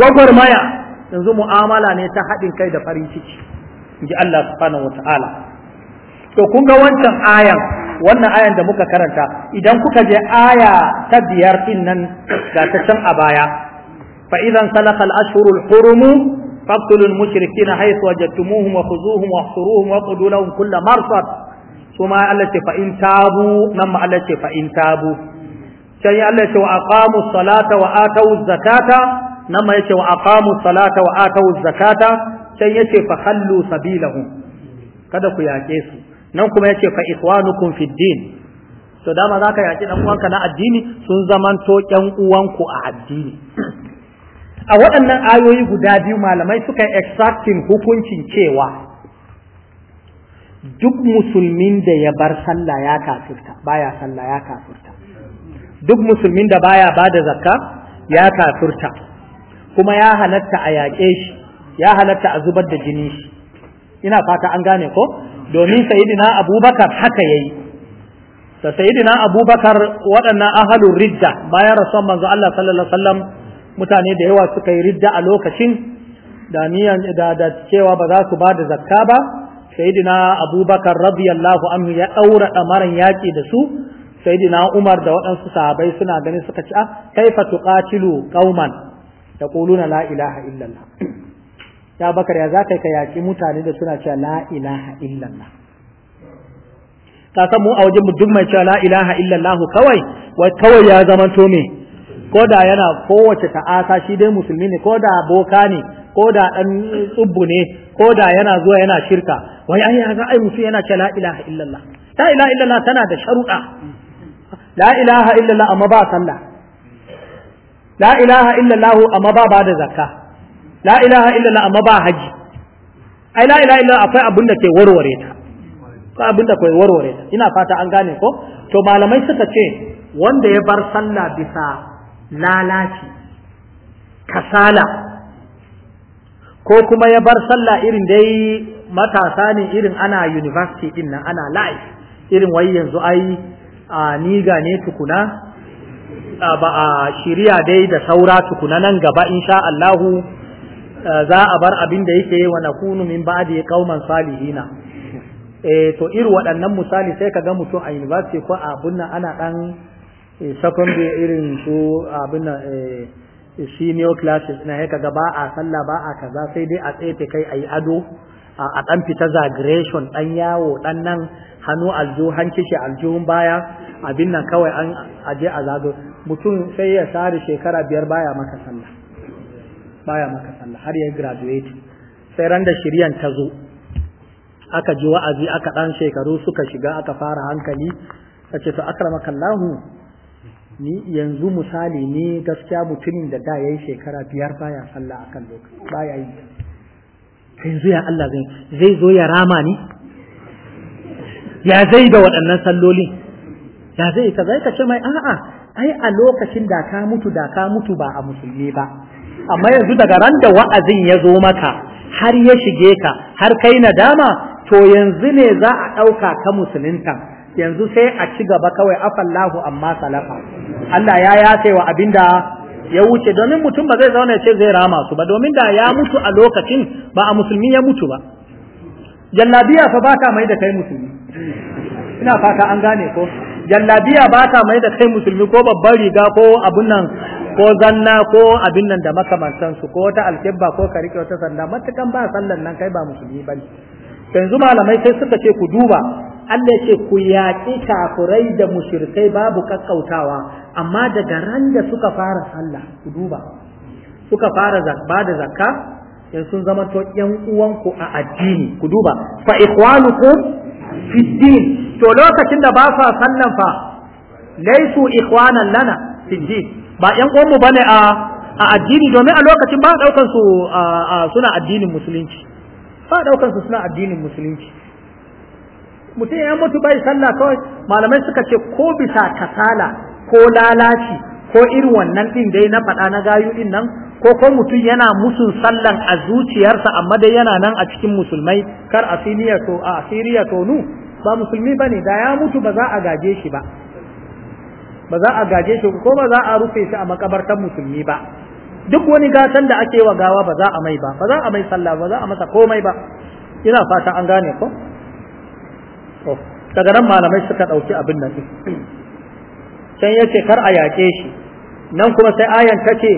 gwagwarmaya yanzu mu'amala ne ta haɗin kai da farin ciki in ji Allah subhanahu wa ta'ala to kun ga wancan ayan wannan ayan da muka karanta idan kuka je aya ta biyar din nan ga ta can a baya fa idan salaka al hurum faqtulu mushrikeena haythu wajadtumuhum wa khuzuhum wa ahsuruhum wa marsad Allah ce fa in tabu nan ma Allah ce fa in tabu sai Allah ce wa aqamu salata wa zakata nan ma yace wa aqamu salata wa zakata sai yace fa khallu sabilahum kada ku yake su nan kuma yace fa ikhwanukum fi din to dama zaka yaki dan uwanka na addini sun to ƴan uwanku a addini a waɗannan ayoyi guda biyu malamai suka yi extracting hukuncin cewa duk musulmin da ya bar sallah ya kafirta baya sallah ya kafirta duk musulmin da baya bada zakka ya kafirta kuma ya halatta a yaƙe shi ya halatta a zubar da jini shi ina fata an gane ko domin sayidina abubakar haka yayi da sayidina abubakar waɗannan ahalun ridda bayan rasuwan manzo Allah sallallahu wasallam mutane da yawa suka yi ridda a lokacin da niyan da da cewa ba za su ba da zakka ba sayidina abubakar radiyallahu anhu ya daura damaran yaki da su sayidina umar da waɗansu sahabbai suna ganin suka ci a ah, kaifa tuqatilu qauman taquluna la ilaha illallah ya bakar ya zaka ka yaki mutane da suna cewa la ilaha illallah ka san mu a wajen mu duk mai cewa la ilaha illallah kawai wai kawai ya zama to me ko da yana kowace ta'asa shi dai musulmi ne ko da boka ne ko da dan tsubbu ne ko da yana zuwa yana shirka wai ai ya ga ai musu yana cewa la ilaha illallah la ilaha illallah tana da sharuɗa la ilaha illallah amma ba sallah la ilaha illallah amma ba ba da zakka la ilaha illallah amma ba haji ai la ilaha illallah akwai abin da ke warware ta akwai abin da ke warware ta ina fata an gane ko to malamai suka ce wanda ya bar sallah bisa lalaci kasala ko kuma ya bar sallah irin dai matasa ne irin ana university din nan ana life irin wai yanzu ai a niga ne tukuna ba a shirya dai da saura tukuna nan gaba insha Allahu Eh, za a bar abin da yake wa na kunu min ba'di qauman salihina eh to iri waɗannan misali sai ka ga mutum a university ko a abin nan ana dan eh, secondary irin su abin nan eh, senior classes na haka ga ba a sallah ba a kaza sai dai a tsefe kai ayi ado a dan fita zagration ɗan yawo ɗan nan hannu aljo hanci shi aljuhun baya abin nan kawai an aje a zago mutum sai ya sare shekara biyar baya maka sallah baya maka sallah har ya graduate sai ran da shiryan ta zo aka ji wa'azi aka dan shekaru suka shiga aka fara hankali sace to akramakallahu ni yanzu misali ne gaskiya mutumin da da yayi shekara biyar baya sallah akan lokaci baya yi yanzu ya Allah zai zai zo ya rama ni ya zai da waɗannan sallolin ya zai ka zai ka ce mai a'a ai a lokacin da ka mutu da ka mutu ba a musulmi ba amma yanzu daga ran da wa'azin ya zo maka har ya shige ka har kai nadama to yanzu ne za a ɗauka ka musulunta yanzu sai a ci gaba kawai afallahu amma salafa Allah ya yafe wa abinda ya wuce domin mutum ba zai zauna ya ce zai rama su ba domin da ya mutu a lokacin ba a musulmi ya mutu ba jallabiya fa ba ta mai da kai musulmi ina fata an gane ko jallabiya ba ta mai da kai musulmi ko babbar riga ko abun nan ko zanna ko abin nan da su ko ta alkebba ko ka rike wata sanda matukan ba sallan nan kai ba musulmi ba ne yanzu malamai sai suka ce ku duba Allah ce ku yaƙi kafurai da mushrikai babu kakkautawa amma daga ran da suka fara sallah ku duba suka fara ba da zakka yanzu sun zama to ƴan uwanku a addini ku duba fa Ikhwanuku fi din to lokacin da ba sa sallan fa laisu ikhwanan lana fi din ba yan uwanmu bane a a addini domin a lokacin ba daukan su suna addinin musulunci ba daukan su suna addinin musulunci mutum ya mutu bai sallah kawai malamai suka ce ko bisa kasala ko lalaci ko irin wannan ɗin dai na faɗa na gayu din nan ko ko mutum yana musun sallan a zuciyarsa amma dai yana nan a cikin musulmai kar a asiriya to nu ba musulmi bane da ya mutu ba za a gaje shi ba ba za a gaje shi ko ba za a rufe shi a makabartar musulmi ba duk wani gatan da ake wa gawa ba za a mai ba ba za a mai sallah ba za a masa komai ba ina fata an gane ko daga nan malamai suka ɗauki abin nan can ya ce kar a yaƙe shi nan kuma sai ayan ta ce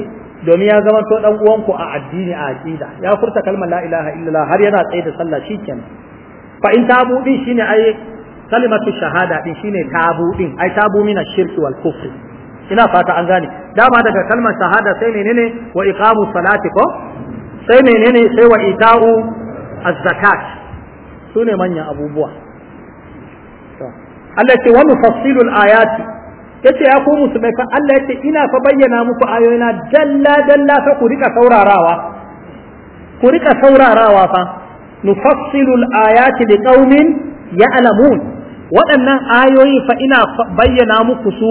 domin ya zama to ɗan uwanku a addini a aqida ya furta kalmar la ilaha illallah har yana tsaye da sallah shikenan fa in ta buɗi shine ai kalimatu shahada din shine tabu din ai tabu min ash-shirki wal kufr ina fata an gane dama daga kalmar shahada sai menene wa iqamu salati ko sai menene sai wa ita'u az-zakat sune manyan abubuwa Allah ce wa nufassilu al-ayati yace ya ku musulmai fa Allah yace ina fa bayyana muku ayoyina dalla dalla fa ku rika saurarawa ku rika saurarawa fa nufassilu al-ayati liqaumin ya'lamun waɗannan ayoyi fa ina bayyana muku su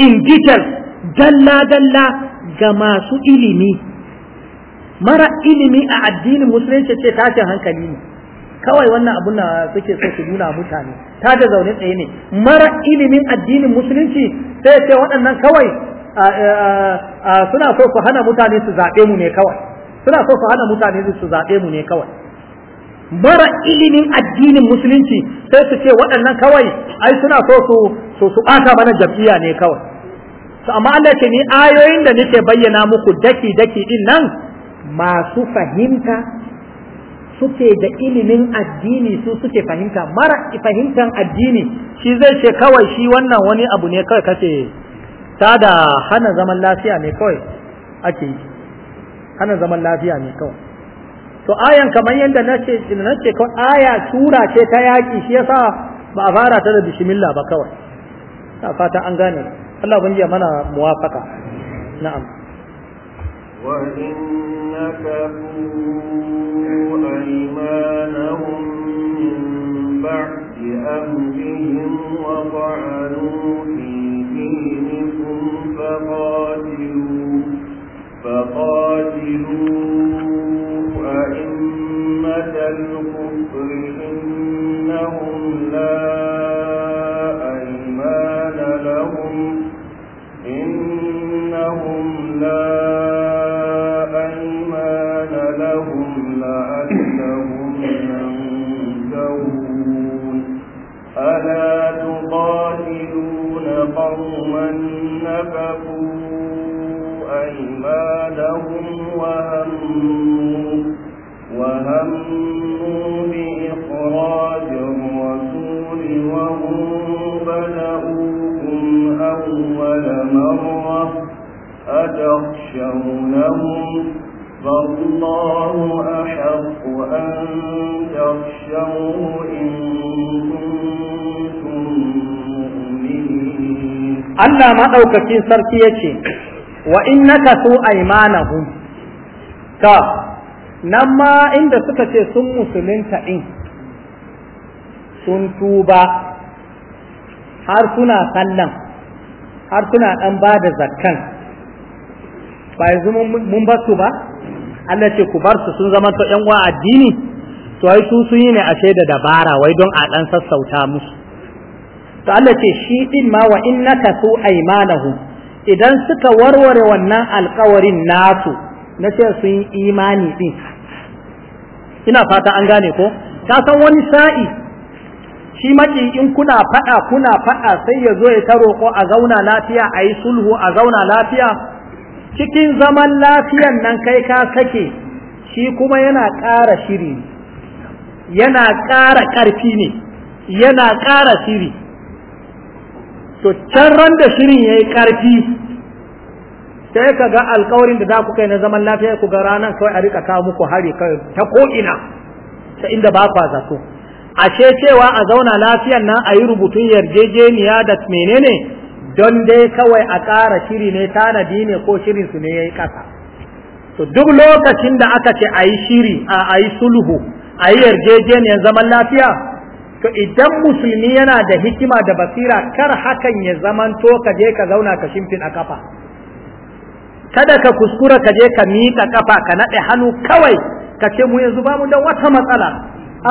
in detail dalla dalla ga masu ilimi mara ilimi a addinin musulunci ce tashin hankali ne kawai wannan abun na suke so su nuna mutane ta da zaune tsaye ne mara ilimin addinin musulunci sai ce waɗannan kawai suna so su hana mutane su zaɓe mu ne kawai suna so su hana mutane su zaɓe mu ne kawai mara ilimin addinin musulunci sai su ce waɗannan kawai ai suna so su so su ɓata mana jam'iyya ne kawai su amma Allah ce ni ayoyin da nake bayyana muku daki daki din nan masu fahimta suke da ilimin addini su suke fahimta mara fahimtan addini shi zai ce kawai shi wannan wani abu ne kawai kace ta da hana zaman lafiya ne kawai ake hana zaman lafiya ne kawai to ayan kamar yadda na ce ko aya sura ce ta yaki shi yasa ba a fara ta da bismillah ba kawai ta fata an gane Allah ubangiji ya mana muwafaka na'am wa innaka aymanahum min ba'di amrihim wa ta'alu fi dinikum faqatilu faqatilu الكفر إنهم لا أيمان لهم لعلهم ألا تقاتلون قوما نفقوا أيمانهم وهموا وهموا بإخراج الرسول وهم بدأوكم أول مرة أتخشونهم فالله أحق أن تخشوه إن كنتم مؤمنين Allah maɗaukakin sarki ya ce, wa in nakasu aymanahum ka nan ma inda suka ce sun musulunta in sun tuba har suna sallan har suna dan bada zakkan ba yanzu mun bar su ba Allah ce ku bar su sun zama to yan uwa addini to ai su sun yi ne ce da dabara wai don a dan sassauta musu to Allah ce shi din ma wa innaka su aymanahum idan suka warware wannan alkawarin nasu na ce sun yi imani din ina fata an gane ko ka san wani sa'i shi maki in kuna fada kuna faɗa sai ya zo ya ta roƙo a zauna lafiya a yi sulhu a zauna lafiya cikin zaman lafiyan nan kai ka sake shi kuma yana ƙara shiri yana ƙara ƙarfi ne yana ƙara shiri to can ran da shirin yayi karfi sai ka ga alkawarin da za ku kai na zaman lafiya ku ga ranar kawai a rika kawo muku hari ta ko'ina, ina ta inda ba kwa zato ashe cewa a zauna lafiyan nan a yi rubutun yarjejeniya da menene don dai kawai a ƙara shiri ne tanadi ne ko shirin su ne yayi ƙasa to duk lokacin da aka ce a yi shiri a yi sulhu a yi yarjejeniyar zaman lafiya to idan musulmi yana da hikima da basira kar hakan ya to ka je ka zauna ka shimfin a kafa kada ka kuskura ka je ka miƙa kafa ka naɗe hannu kawai ka ce mu yanzu ba mu da wata matsala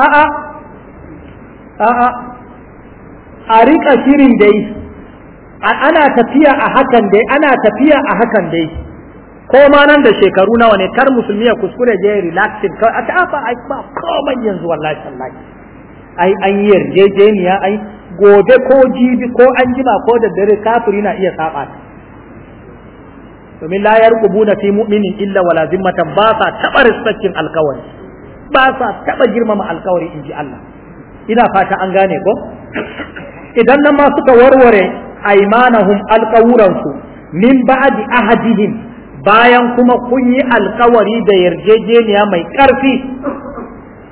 a'a a'a a riƙa shirin dai ana tafiya a hakan dai ana tafiya a hakan dai ko ma nan da shekaru nawa ne kar musulmi ya kuskure je relaxing kawai a ta ba komai yanzu wallahi wallahi ai an yi yarjejeniya ai gobe ko jibi ko an jima ko da dare kafiri na iya saba domin la yarqubuna fi mu'minin illa wala zimmatan ba sa taba respectin alkawari ba sa taba girmama alkawari inji Allah ina fata an gane ko idan nan ma suka warware aimanahum alkawuransu min ba'di ahadihim bayan kuma kun yi alkawari da yarjejeniya mai ƙarfi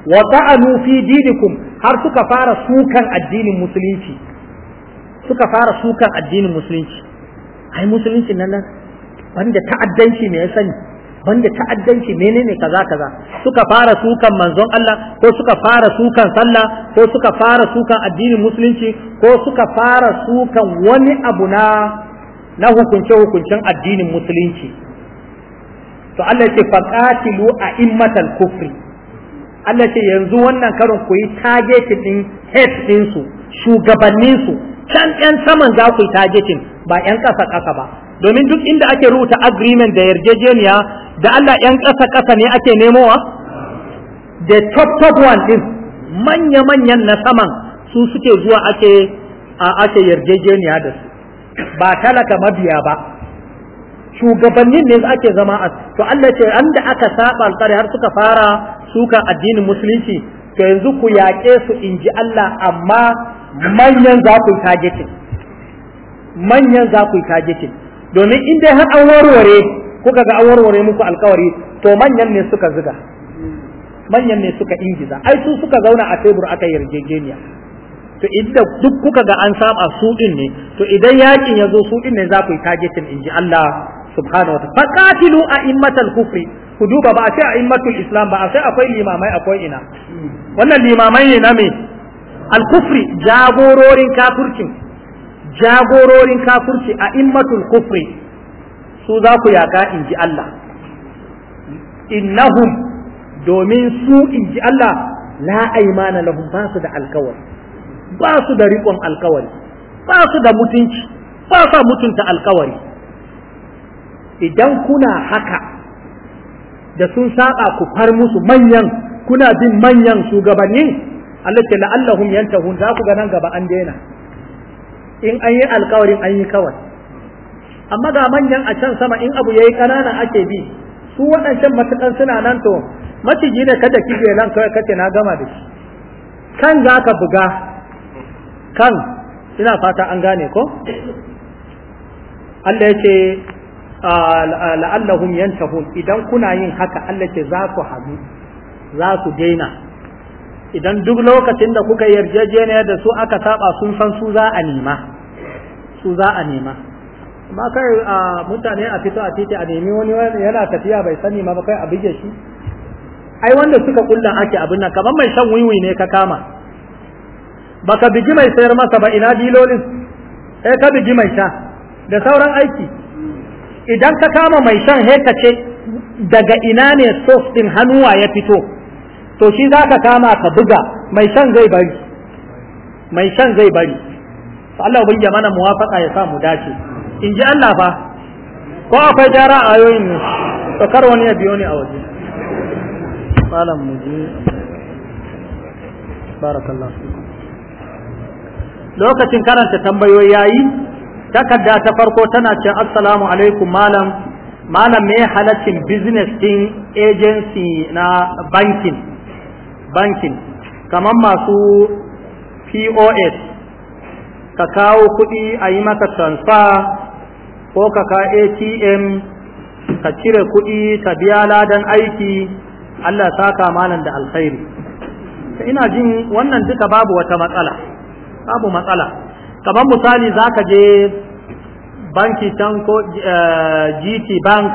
wa ta'anu fi dinikum har suka fara sukan addinin musulunci suka fara sukan addinin musulunci ai musulunci nan nan banda ta'addanci me ya sani banda ta'addanci menene kaza kaza suka fara sukan manzon Allah ko suka fara sukan sallah ko suka fara sukan addinin musulunci ko suka fara sukan wani abu na na hukunce hukuncen addinin musulunci to Allah yake faqatilu a'immatal kufri Allah ce yanzu wannan karin ku yi targeting din head din su shugabannin su can ɗan saman za ku yi targeting ba ƴan ƙasa ƙasa ba domin duk inda ake rubuta agreement da yarjejeniya da Allah ƴan ƙasa ƙasa ne ake nemowa the top top one din manya manyan na saman su suke zuwa ake a ake yarjejeniya da su ba talaka mabiya ba shugabannin ne ake zama a to Allah ce an da aka saba alƙari har suka fara sukan addinin musulunci to yanzu ku yaƙe su in ji Allah amma manyan za ku yi manyan za ku yi domin in dai har an warware kuka ga an warware muku alkawari to manyan ne suka zuga manyan ne suka ingiza ai su suka zauna a tebur aka yarjejeniya to idda duk kuka ga an saba su din ne to idan yakin ya zo su din ne za ku yi in ji Allah subhanahu wa ta'ala a a'immatal kufri ku duba ba a ce immatul islam ba a sai akwai limamai akwai ina wannan limamai ne na me al-kufri jagororin kafircin jagororin a immatul kufri su za ku yaka in ji Allah innahum domin su in ji Allah la aimana lahum ba su da alkawari ba su da riƙon alkawari ba su da mutunci ba sa mutunta alkawari idan kuna haka da sun saba ku far musu manyan kuna bin manyan shugabanni Allah ke la'allahum yantahun za ku ga nan gaba an daina in an yi alkawarin an yi kawai amma ga manyan a can sama in abu yayi kanana ake bi su waɗancan matukan suna nan to maciji ne kada kije nan kawai kace na gama da shi kan za buga kan ina fata an gane ko Allah ya ce la'allahum yantahun idan kuna yin haka Allah ce za ku hadu za ku daina idan duk lokacin da kuka yarjejeniya da su aka saba sun san su za a nema su za a nema amma kai mutane a fito a titi a nemi wani yana tafiya bai sani ma ba kai a bige shi ai wanda suka kulla ake abin nan kamar mai shan wiwi ne ka kama baka bigi mai sayar masa ba ina dilolin sai ka bigi mai sha da sauran aiki idan ka kama mai shan heka ce daga ina ne sos din hannuwa ya fito to shi za ka kama ka buga mai shan zai bari mai shan zai bari Allah ya mana muwafaqa ya sa mu dace in ji Allah fa ko akwai jara a ayoyin ne to kar wani ya biyo ni a waje malam mu ji barakallahu lokacin karanta tambayoyi yayi takarda ta farko tana ce assalamu alaikum malam malam me halaccin business din agency na banking banking kamar masu POS ka kawo kuɗi a yi maka transfer ko ka ka ATM ka cire kuɗi ka biya ladan aiki Allah saka malam da alkhairi ina jin wannan duka babu wata matsala babu matsala kamar misali za ka je banki can ko eh, gt bank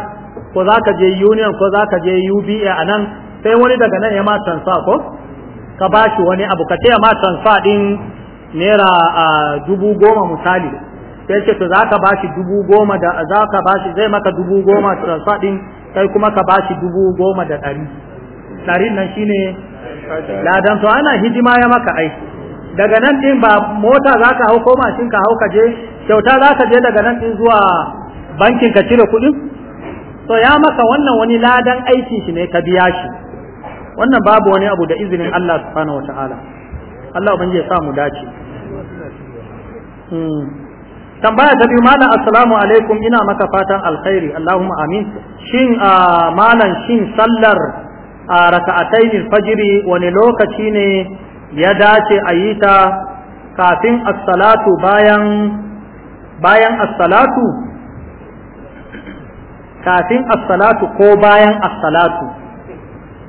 ko za ka je union ko za ka je uba a nan sai wani daga nan ya ma transfer ko ka ba shi wani abu ka taya ma transfer din naira a ah, dubu goma misali sai ce to za ka ba shi dubu goma da za ka ba shi zai maka dubu goma transfer din kai kuma ka ba shi dubu goma da ɗari ɗari nan shine ladan to ana hidima ya maka aiki daga nan din ba mota za ka hau ko mashin ka hau ka je kyauta za ka je daga nan din zuwa bankin ka cire kuɗin to ya maka wannan wani ladan aiki shi ne ka biya shi wannan babu wani abu da izinin Allah subhanahu wataala Allah ubangiji ya sa mu dace hmm. tambaya ta biyu malam assalamu alaikum ina maka fatan alkhairi allahumma amin shin ah, malam shin sallar ah, raka'atayn fajiri wani lokaci ne ya dace a yi ta kafin assalatu bayan bayan assalatu kafin assalatu ko bayan assalatu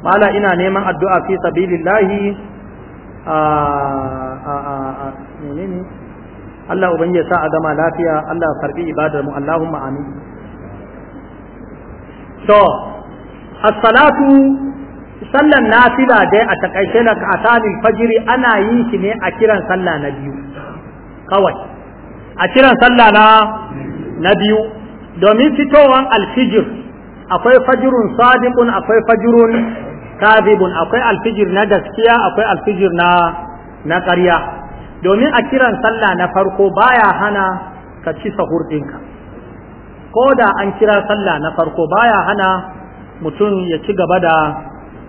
mala ina neman addu'a fi sabilillahi a a a menene Allah ubangi ya sa a gama lafiya Allah ya karbi ibadar mu Allahumma amin to assalatu sallan nafila dai a takaice na asalin fajiri ana yin shi ne a kiran sallah na biyu kawai a kiran sallah na na biyu domin fitowan alfijir akwai fajirun sadiqun akwai fajirun kadhibun akwai alfijir na gaskiya akwai alfijir na na ƙarya domin a kiran sallah na farko baya hana ka ci sahur ɗinka ko da an kira sallah na farko baya hana mutum ya ci gaba da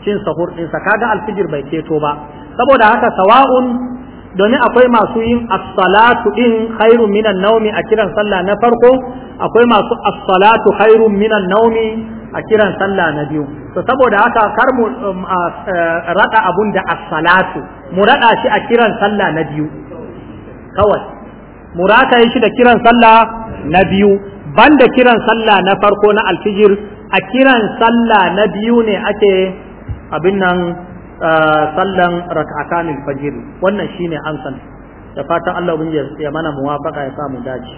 cin sahur ɗinsa kaga alfijir bai ceto ba saboda haka sawa'un domin akwai masu yin as-salatu in khairun minan naumi a kiran sallah na farko akwai masu as-salatu khairun minan naumi a kiran sallah na biyu to saboda haka kar mu um, eh, rada abun da as-salatu mu rada shi a kiran sallah na biyu kawai mu rata shi da kiran sallah na biyu banda kiran sallah na farko na alfijir a kiran sallah na biyu ne ake abin nan eh, sallan rak'atan al-fajr wannan shine ansan. da fatan Allah ya mana muwafaka ya samu dace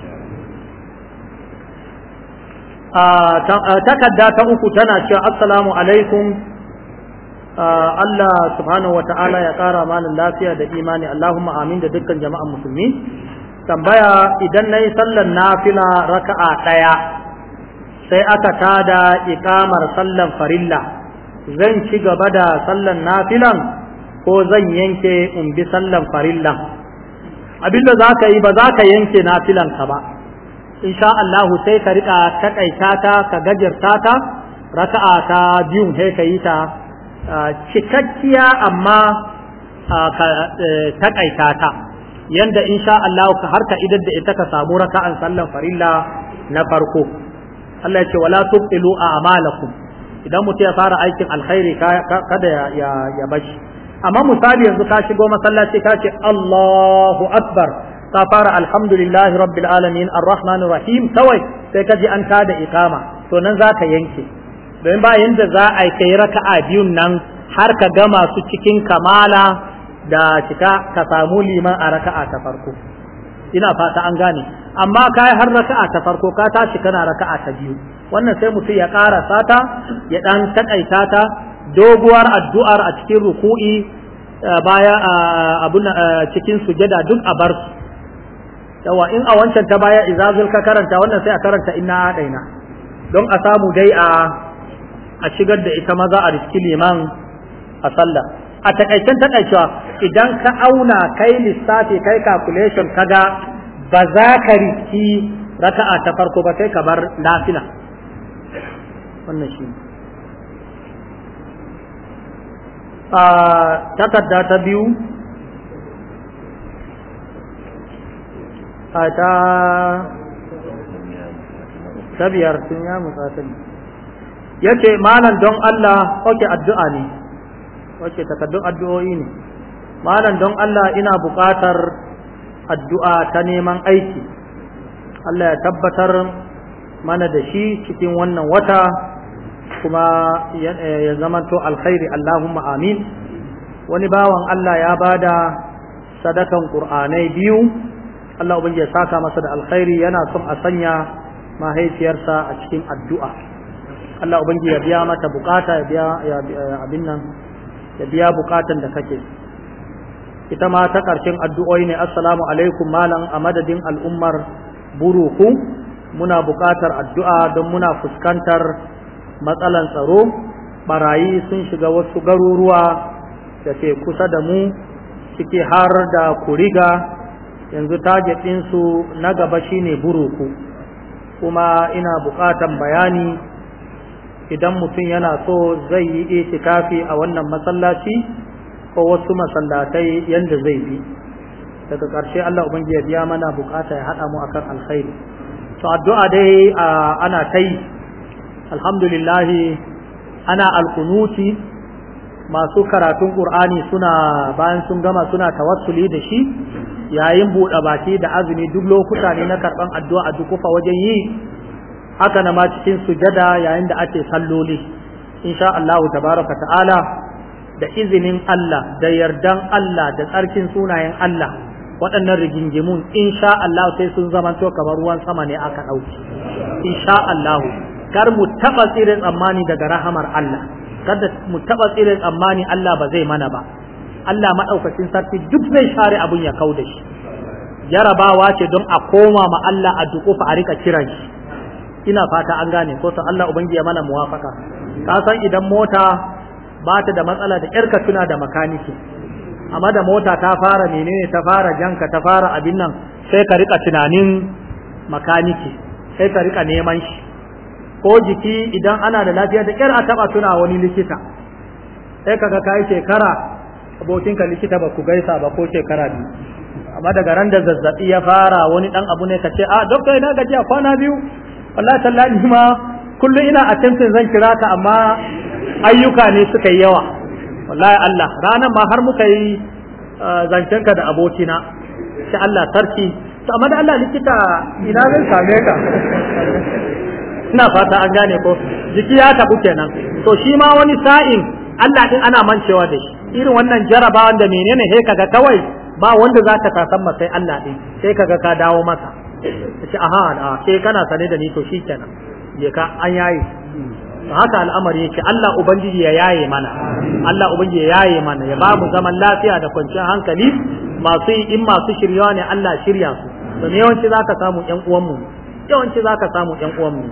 ah, eh, takadda ta uku tana cewa assalamu alaikum ah, Allah subhanahu wata'ala ya ƙara malin lafiya da imani Allahumma amin da dukkan jama'an musulmi tambaya idan nayi yi sallar nafila raka'a ɗaya sai aka tada ikamar sallar farilla zan ci gaba da sallan nafilan ko zan yanke in bi sallan farillan abinda za ka yi ba za ka yanke nafilan ka ba insha Allah sai ka riƙa taƙaita ta ka gajarta ta raka'a ta biyun sai ka yi ta cikakkiya amma ka e, taƙaita ta yanda insha Allah har ka idan da ita ka samu raka'an sallan farilla na farko Allah ya ce wala tubtilu a'malakum idan mutum ya fara aikin alkhairi kada ya bashi amma misali yanzu ka shigo masallaci ka ce Allahu akbar ka fara alhamdulillahi rabbil alamin arrahmanir rahim kawai sai ka ji an kada iqama to nan zaka yanke don ba yanda za a kai raka'a biyun nan har ka gama su cikin kamala da cika ka samu liman a raka'a ta farko ina fata an gane amma kai har raka'a ta farko ka tashi kana raka'a ta biyu wannan sai mutum ya ƙara sata ya ɗan taƙaita ta doguwar addu'ar a cikin ruku'i eh, baya abun eh, cikin sujada duk a bar su yawa in a wancan ta baya izazul ka karanta wannan sai a karanta inna daina don a samu dai a a shigar da ita maza a riski liman a sallah a takaicen takaicewa idan ka auna kai lissafi kai calculation kaga ba za ka riski raka'a ta farko ba sai ka bar lafina. wannan shi a takarda ta biyu a ta ta biyar sun ya musasani ya ce malam don Allah oke addu'a ne oke takardun addu'o'i ne malam don Allah ina buƙatar addu'a ta neman aiki Allah ya tabbatar mana da shi cikin wannan wata kuma eh, ya zamanto alkhairi Allahumma amin wani bawan Allah ya bada sadakan qur'anai biyu Allah ubangi ya saka masa da alkhairi yana son a sanya mahaifiyarsa a cikin addu'a Allah ubangi ya biya mata bukata ya biya eh, abin nan ya biya bukatan da kake ita ma ta karshen addu'o'i ne assalamu alaikum malam a madadin al'ummar buruku muna bukatar addu'a don muna fuskantar matsalan tsaro barayi sun shiga wasu garuruwa da ke kusa da mu ciki har da kuriga yanzu target su na gaba shine buruku kuma ina bukatan bayani idan mutum yana so zai yi itikafi a wannan masallaci ko wasu masallatai yadda zai bi daga ƙarshe Allah ubangiji ya biya mana buƙata ya haɗa mu akan alkhairi to addu'a dai ana ta yi alhamdulillahi ana alkunuti masu karatun ƙur'ani suna bayan sun gama suna tawassuli da shi yayin buɗe baki da azumi duk lokuta ne na karɓan addu'a a dukufa wajen yi haka na ma cikin sujada yayin da ake salloli insha Allahu tabaraka ta'ala da izinin Allah da yardan Allah da tsarkin sunayen Allah waɗannan rigingimun insha Allah sai sun zamanto kamar ruwan sama ne aka ɗauki insha Allahu kar mu taba tsirin tsammani daga rahamar Allah kada mu taba tsirin tsammani Allah ba zai mana ba Allah maɗaukacin sarki duk zai share abun ya kau da shi jarabawa ce don a koma ma Allah a dukufa a rika kiran shi ina fata an gane ko san Allah ubangi ya mana muwafaka ka san idan mota ba ta da matsala da yarka tuna da makaniki amma da mota ta fara menene ta fara janka ta fara abin nan sai ka rika tunanin makaniki sai ka rika neman shi ko jiki idan ana da lafiya da kyar a taba tuna wani likita sai kaga kai shekara abokinka likita ba ku gaisa ba ko shekara biyu amma daga ran da zazzabi ya fara wani dan abu ne ka ce a ah, doctor ina gajiya kwana biyu wallahi sallani ma kullum ina a attempting zan kira ka amma ayyuka ne suka yi yawa wallahi Allah ranan ma har muka yi eh, zancen ka da abokina sai Allah sarki to amma da Allah likita ina zan same ka ina fata an gane ko jiki ya tabu kenan to shi ma wani sa'in Allah din ana mancewa da shi irin wannan jaraba da menene he kaga kawai ba wanda za kasan ma sai Allah din sai kaga ka dawo masa ce aha a sai kana sane da ni to shi kenan je ka an yayi haka al'amari yake Allah ubangiji ya yaye mana Allah ubangiji ya yaye mana ya ba mu zaman lafiya da kwanciyar hankali masu in masu shiryawa ne Allah shirya su to me yawanci zaka samu uwan uwanmu yawanci zaka samu uwan uwanmu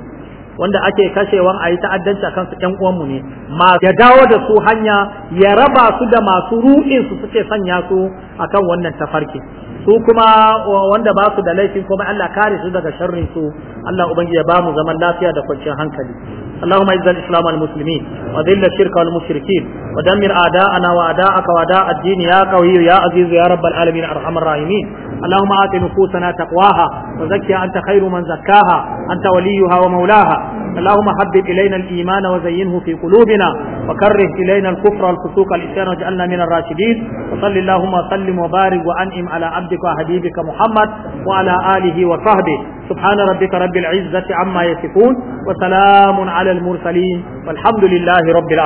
wanda ake kashewan a yi ta'addanci a kansu ƴan uwanmu ne ma ya dawo da su hanya ya raba su da masu ru'in su suke sanya su akan wannan tafarki su kuma wanda ba su da laifi kuma Allah kare su daga sharrin su Allah ubangiji ya ba mu zaman lafiya da kwanciyar hankali اللهم اعز الاسلام والمسلمين وذل الشرك والمشركين ودمر اعداءنا واعداءك واعداء الدين يا قوي يا عزيز يا رب العالمين ارحم الراحمين اللهم آت نفوسنا تقواها وزكها أنت خير من زكاها أنت وليها ومولاها اللهم حبب إلينا الإيمان وزينه في قلوبنا وكره إلينا الكفر والفسوق والعصيان واجعلنا من الراشدين وصل اللهم وسلم وبارك وأنعم على عبدك وحبيبك محمد وعلى آله وصحبه سبحان ربك رب العزة عما يصفون وسلام على المرسلين والحمد لله رب العالمين